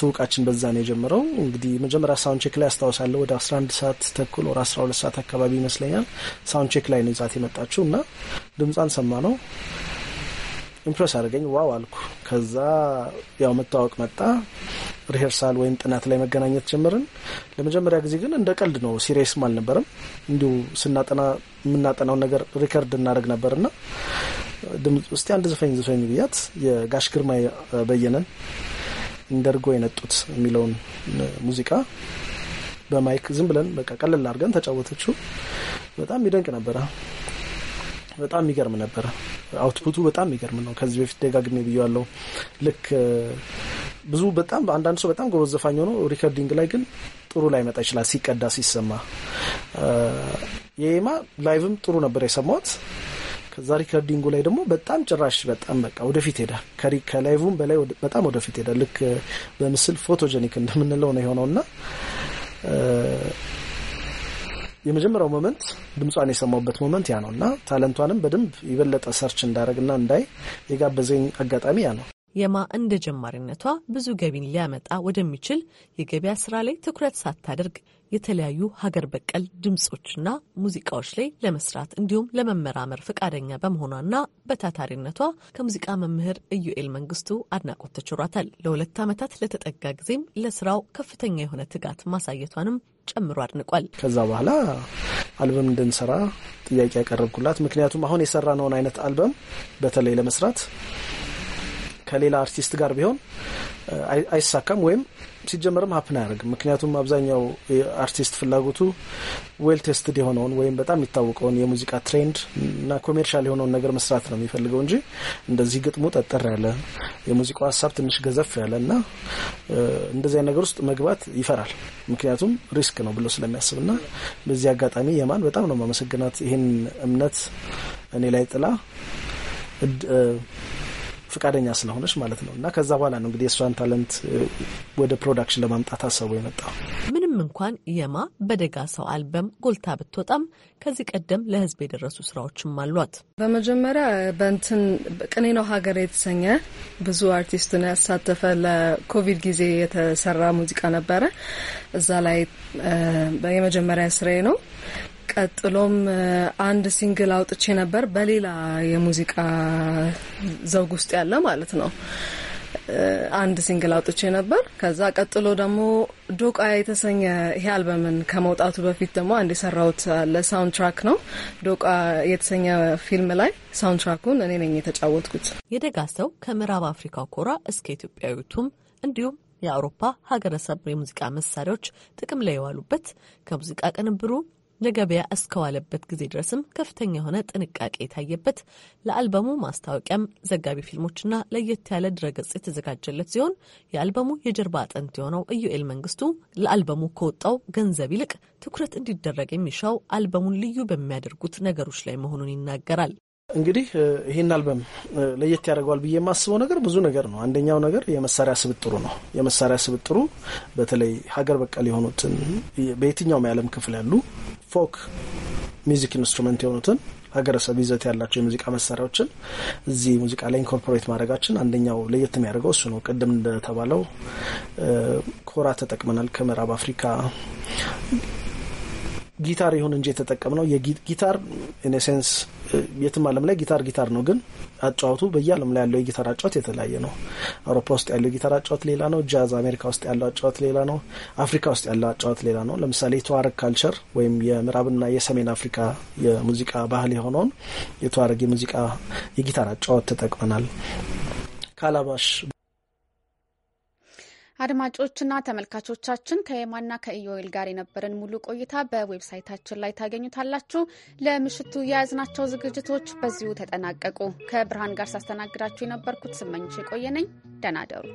ትውቃችን በዛ ነው የጀመረው። እንግዲህ መጀመሪያ ሳውንቼክ ላይ አስታውሳለሁ ወደ 11 ሰዓት ተኩል ወደ 12 ሰዓት አካባቢ ይመስለኛል ሳውንቼክ ላይ ነው ይዛት የመጣችው እና ድምጿን ሰማ ነው ኢምፕሬስ አድርገኝ ዋው አልኩ። ከዛ ያው መታወቅ መጣ። ሪሄርሳል ወይም ጥናት ላይ መገናኘት ጀምርን። ለመጀመሪያ ጊዜ ግን እንደ ቀልድ ነው፣ ሲሪየስም አልነበረም። እንዲሁ ስናጠና የምናጠናውን ነገር ሪከርድ እናደርግ ና ድምፅ ውስጥ አንድ ዘፈኝ ዘፈኝ ብያት የጋሽ ግርማ በየነን እንደርጎ የነጡት የሚለውን ሙዚቃ በማይክ ዝም ብለን በቃ ቀለል አድርገን ተጫወተችው። በጣም ይደንቅ ነበረ። በጣም የሚገርም ነበረ። አውትፑቱ በጣም የሚገርም ነው። ከዚህ በፊት ደጋግሜ ብያለው። ልክ ብዙ በጣም አንዳንድ ሰው በጣም ጎበዝ ዘፋኝ ሆኖ ሪከርዲንግ ላይ ግን ጥሩ ላይ መጣ ይችላል ሲቀዳ ሲሰማ። የኤማ ላይቭም ጥሩ ነበር የሰማሁት። ከዛ ሪከርዲንጉ ላይ ደግሞ በጣም ጭራሽ በጣም በቃ ወደፊት ሄዳ ከላይቭም በላይ በጣም ወደፊት ሄዳ ልክ በምስል ፎቶጀኒክ እንደምንለው ነው የሆነውና የመጀመሪያው ሞመንት ድምጿን የሰማሁበት ሞመንት ያ ነው እና ታለንቷንም በደንብ የበለጠ ሰርች እንዳደረግና እንዳይ የጋበዘኝ አጋጣሚ ያ ነው። የማ እንደ ጀማሪነቷ ብዙ ገቢን ሊያመጣ ወደሚችል የገበያ ስራ ላይ ትኩረት ሳታደርግ የተለያዩ ሀገር በቀል ድምፆችና ሙዚቃዎች ላይ ለመስራት እንዲሁም ለመመራመር ፈቃደኛ በመሆኗና በታታሪነቷ ከሙዚቃ መምህር ኢዩኤል መንግስቱ አድናቆት ተችሯታል። ለሁለት ዓመታት ለተጠጋ ጊዜም ለስራው ከፍተኛ የሆነ ትጋት ማሳየቷንም ጨምሮ አድንቋል። ከዛ በኋላ አልበም እንድንሰራ ጥያቄ ያቀረብኩላት፣ ምክንያቱም አሁን የሰራነውን አይነት አልበም በተለይ ለመስራት ከሌላ አርቲስት ጋር ቢሆን አይሳካም ወይም ሲጀመርም ሀፕን አያደርግም። ምክንያቱም አብዛኛው አርቲስት ፍላጎቱ ዌል ቴስትድ የሆነውን ወይም በጣም የሚታወቀውን የሙዚቃ ትሬንድ እና ኮሜርሻል የሆነውን ነገር መስራት ነው የሚፈልገው እንጂ እንደዚህ ግጥሙ ጠጠር ያለ የሙዚቃው ሀሳብ ትንሽ ገዘፍ ያለ እና እንደዚያ ነገር ውስጥ መግባት ይፈራል። ምክንያቱም ሪስክ ነው ብሎ ስለሚያስብ እና በዚህ አጋጣሚ የማን በጣም ነው ማመሰግናት ይህን እምነት እኔ ላይ ጥላ ፍቃደኛ ስለሆነች ማለት ነው። እና ከዛ በኋላ ነው እንግዲህ የእሷን ታለንት ወደ ፕሮዳክሽን ለማምጣት አሰቡ የመጣው። ምንም እንኳን የማ በደጋ ሰው አልበም ጎልታ ብትወጣም ከዚህ ቀደም ለህዝብ የደረሱ ስራዎችም አሏት። በመጀመሪያ በንትን ቅኔ ነው ሀገር የተሰኘ ብዙ አርቲስትን ያሳተፈ ለኮቪድ ጊዜ የተሰራ ሙዚቃ ነበረ። እዛ ላይ የመጀመሪያ ስራዬ ነው። ቀጥሎም አንድ ሲንግል አውጥቼ ነበር በሌላ የሙዚቃ ዘውግ ውስጥ ያለ ማለት ነው። አንድ ሲንግል አውጥቼ ነበር። ከዛ ቀጥሎ ደግሞ ዶቃ የተሰኘ ይሄ አልበምን ከመውጣቱ በፊት ደግሞ አንድ የሰራሁት ሳውንድ ትራክ ነው። ዶቃ የተሰኘ ፊልም ላይ ሳውንድ ትራኩን እኔ ነኝ የተጫወትኩት። የደጋሰው ከምዕራብ አፍሪካው ኮራ እስከ ኢትዮጵያዊቱም እንዲሁም የአውሮፓ ሀገረሰብ የሙዚቃ መሳሪያዎች ጥቅም ላይ የዋሉበት ከሙዚቃ ቅንብሩ ለገበያ እስከዋለበት ጊዜ ድረስም ከፍተኛ የሆነ ጥንቃቄ የታየበት ለአልበሙ ማስታወቂያም ዘጋቢ ፊልሞችና ለየት ያለ ድረገጽ የተዘጋጀለት ሲሆን የአልበሙ የጀርባ አጥንት የሆነው ኢዩኤል መንግስቱ ለአልበሙ ከወጣው ገንዘብ ይልቅ ትኩረት እንዲደረግ የሚሻው አልበሙን ልዩ በሚያደርጉት ነገሮች ላይ መሆኑን ይናገራል። እንግዲህ ይህን አልበም ለየት ያደርገዋል ብዬ የማስበው ነገር ብዙ ነገር ነው። አንደኛው ነገር የመሳሪያ ስብጥሩ ነው። የመሳሪያ ስብጥሩ በተለይ ሀገር በቀል የሆኑትን በየትኛውም የዓለም ክፍል ያሉ ፎክ ሚዚክ ኢንስትሩመንት የሆኑትን ሀገረሰብ ይዘት ያላቸው የሙዚቃ መሳሪያዎችን እዚህ ሙዚቃ ላይ ኢንኮርፖሬት ማድረጋችን አንደኛው ለየት የሚያደርገው እሱ ነው። ቅድም እንደተባለው ኮራ ተጠቅመናል ከምዕራብ አፍሪካ ጊታር ይሁን እንጂ ነው የጊታር ኢንሴንስ የትም አለም ላይ ጊታር ጊታር ነው። ግን አጫወቱ በየአለም ላይ ያለው የጊታር አጫወት የተለያየ ነው። አውሮፓ ውስጥ ያለው የጊታር አጫወት ሌላ ነው። ጃዝ አሜሪካ ውስጥ ያለው አጫወት ሌላ ነው። አፍሪካ ውስጥ ያለው አጫወት ሌላ ነው። ለምሳሌ የተዋረግ ካልቸር ወይም የምዕራብና የሰሜን አፍሪካ የሙዚቃ ባህል የሆነውን የተዋረግ የሙዚቃ የጊታር አጫወት ተጠቅመናል። ካላባሽ አድማጮችና ተመልካቾቻችን ከየማና ከኢዮኤል ጋር የነበረን ሙሉ ቆይታ በዌብሳይታችን ላይ ታገኙታላችሁ። ለምሽቱ የያዝናቸው ዝግጅቶች በዚሁ ተጠናቀቁ። ከብርሃን ጋር ሳስተናግዳችሁ የነበርኩት ስመኝሽ የቆየነኝ ደናደሩ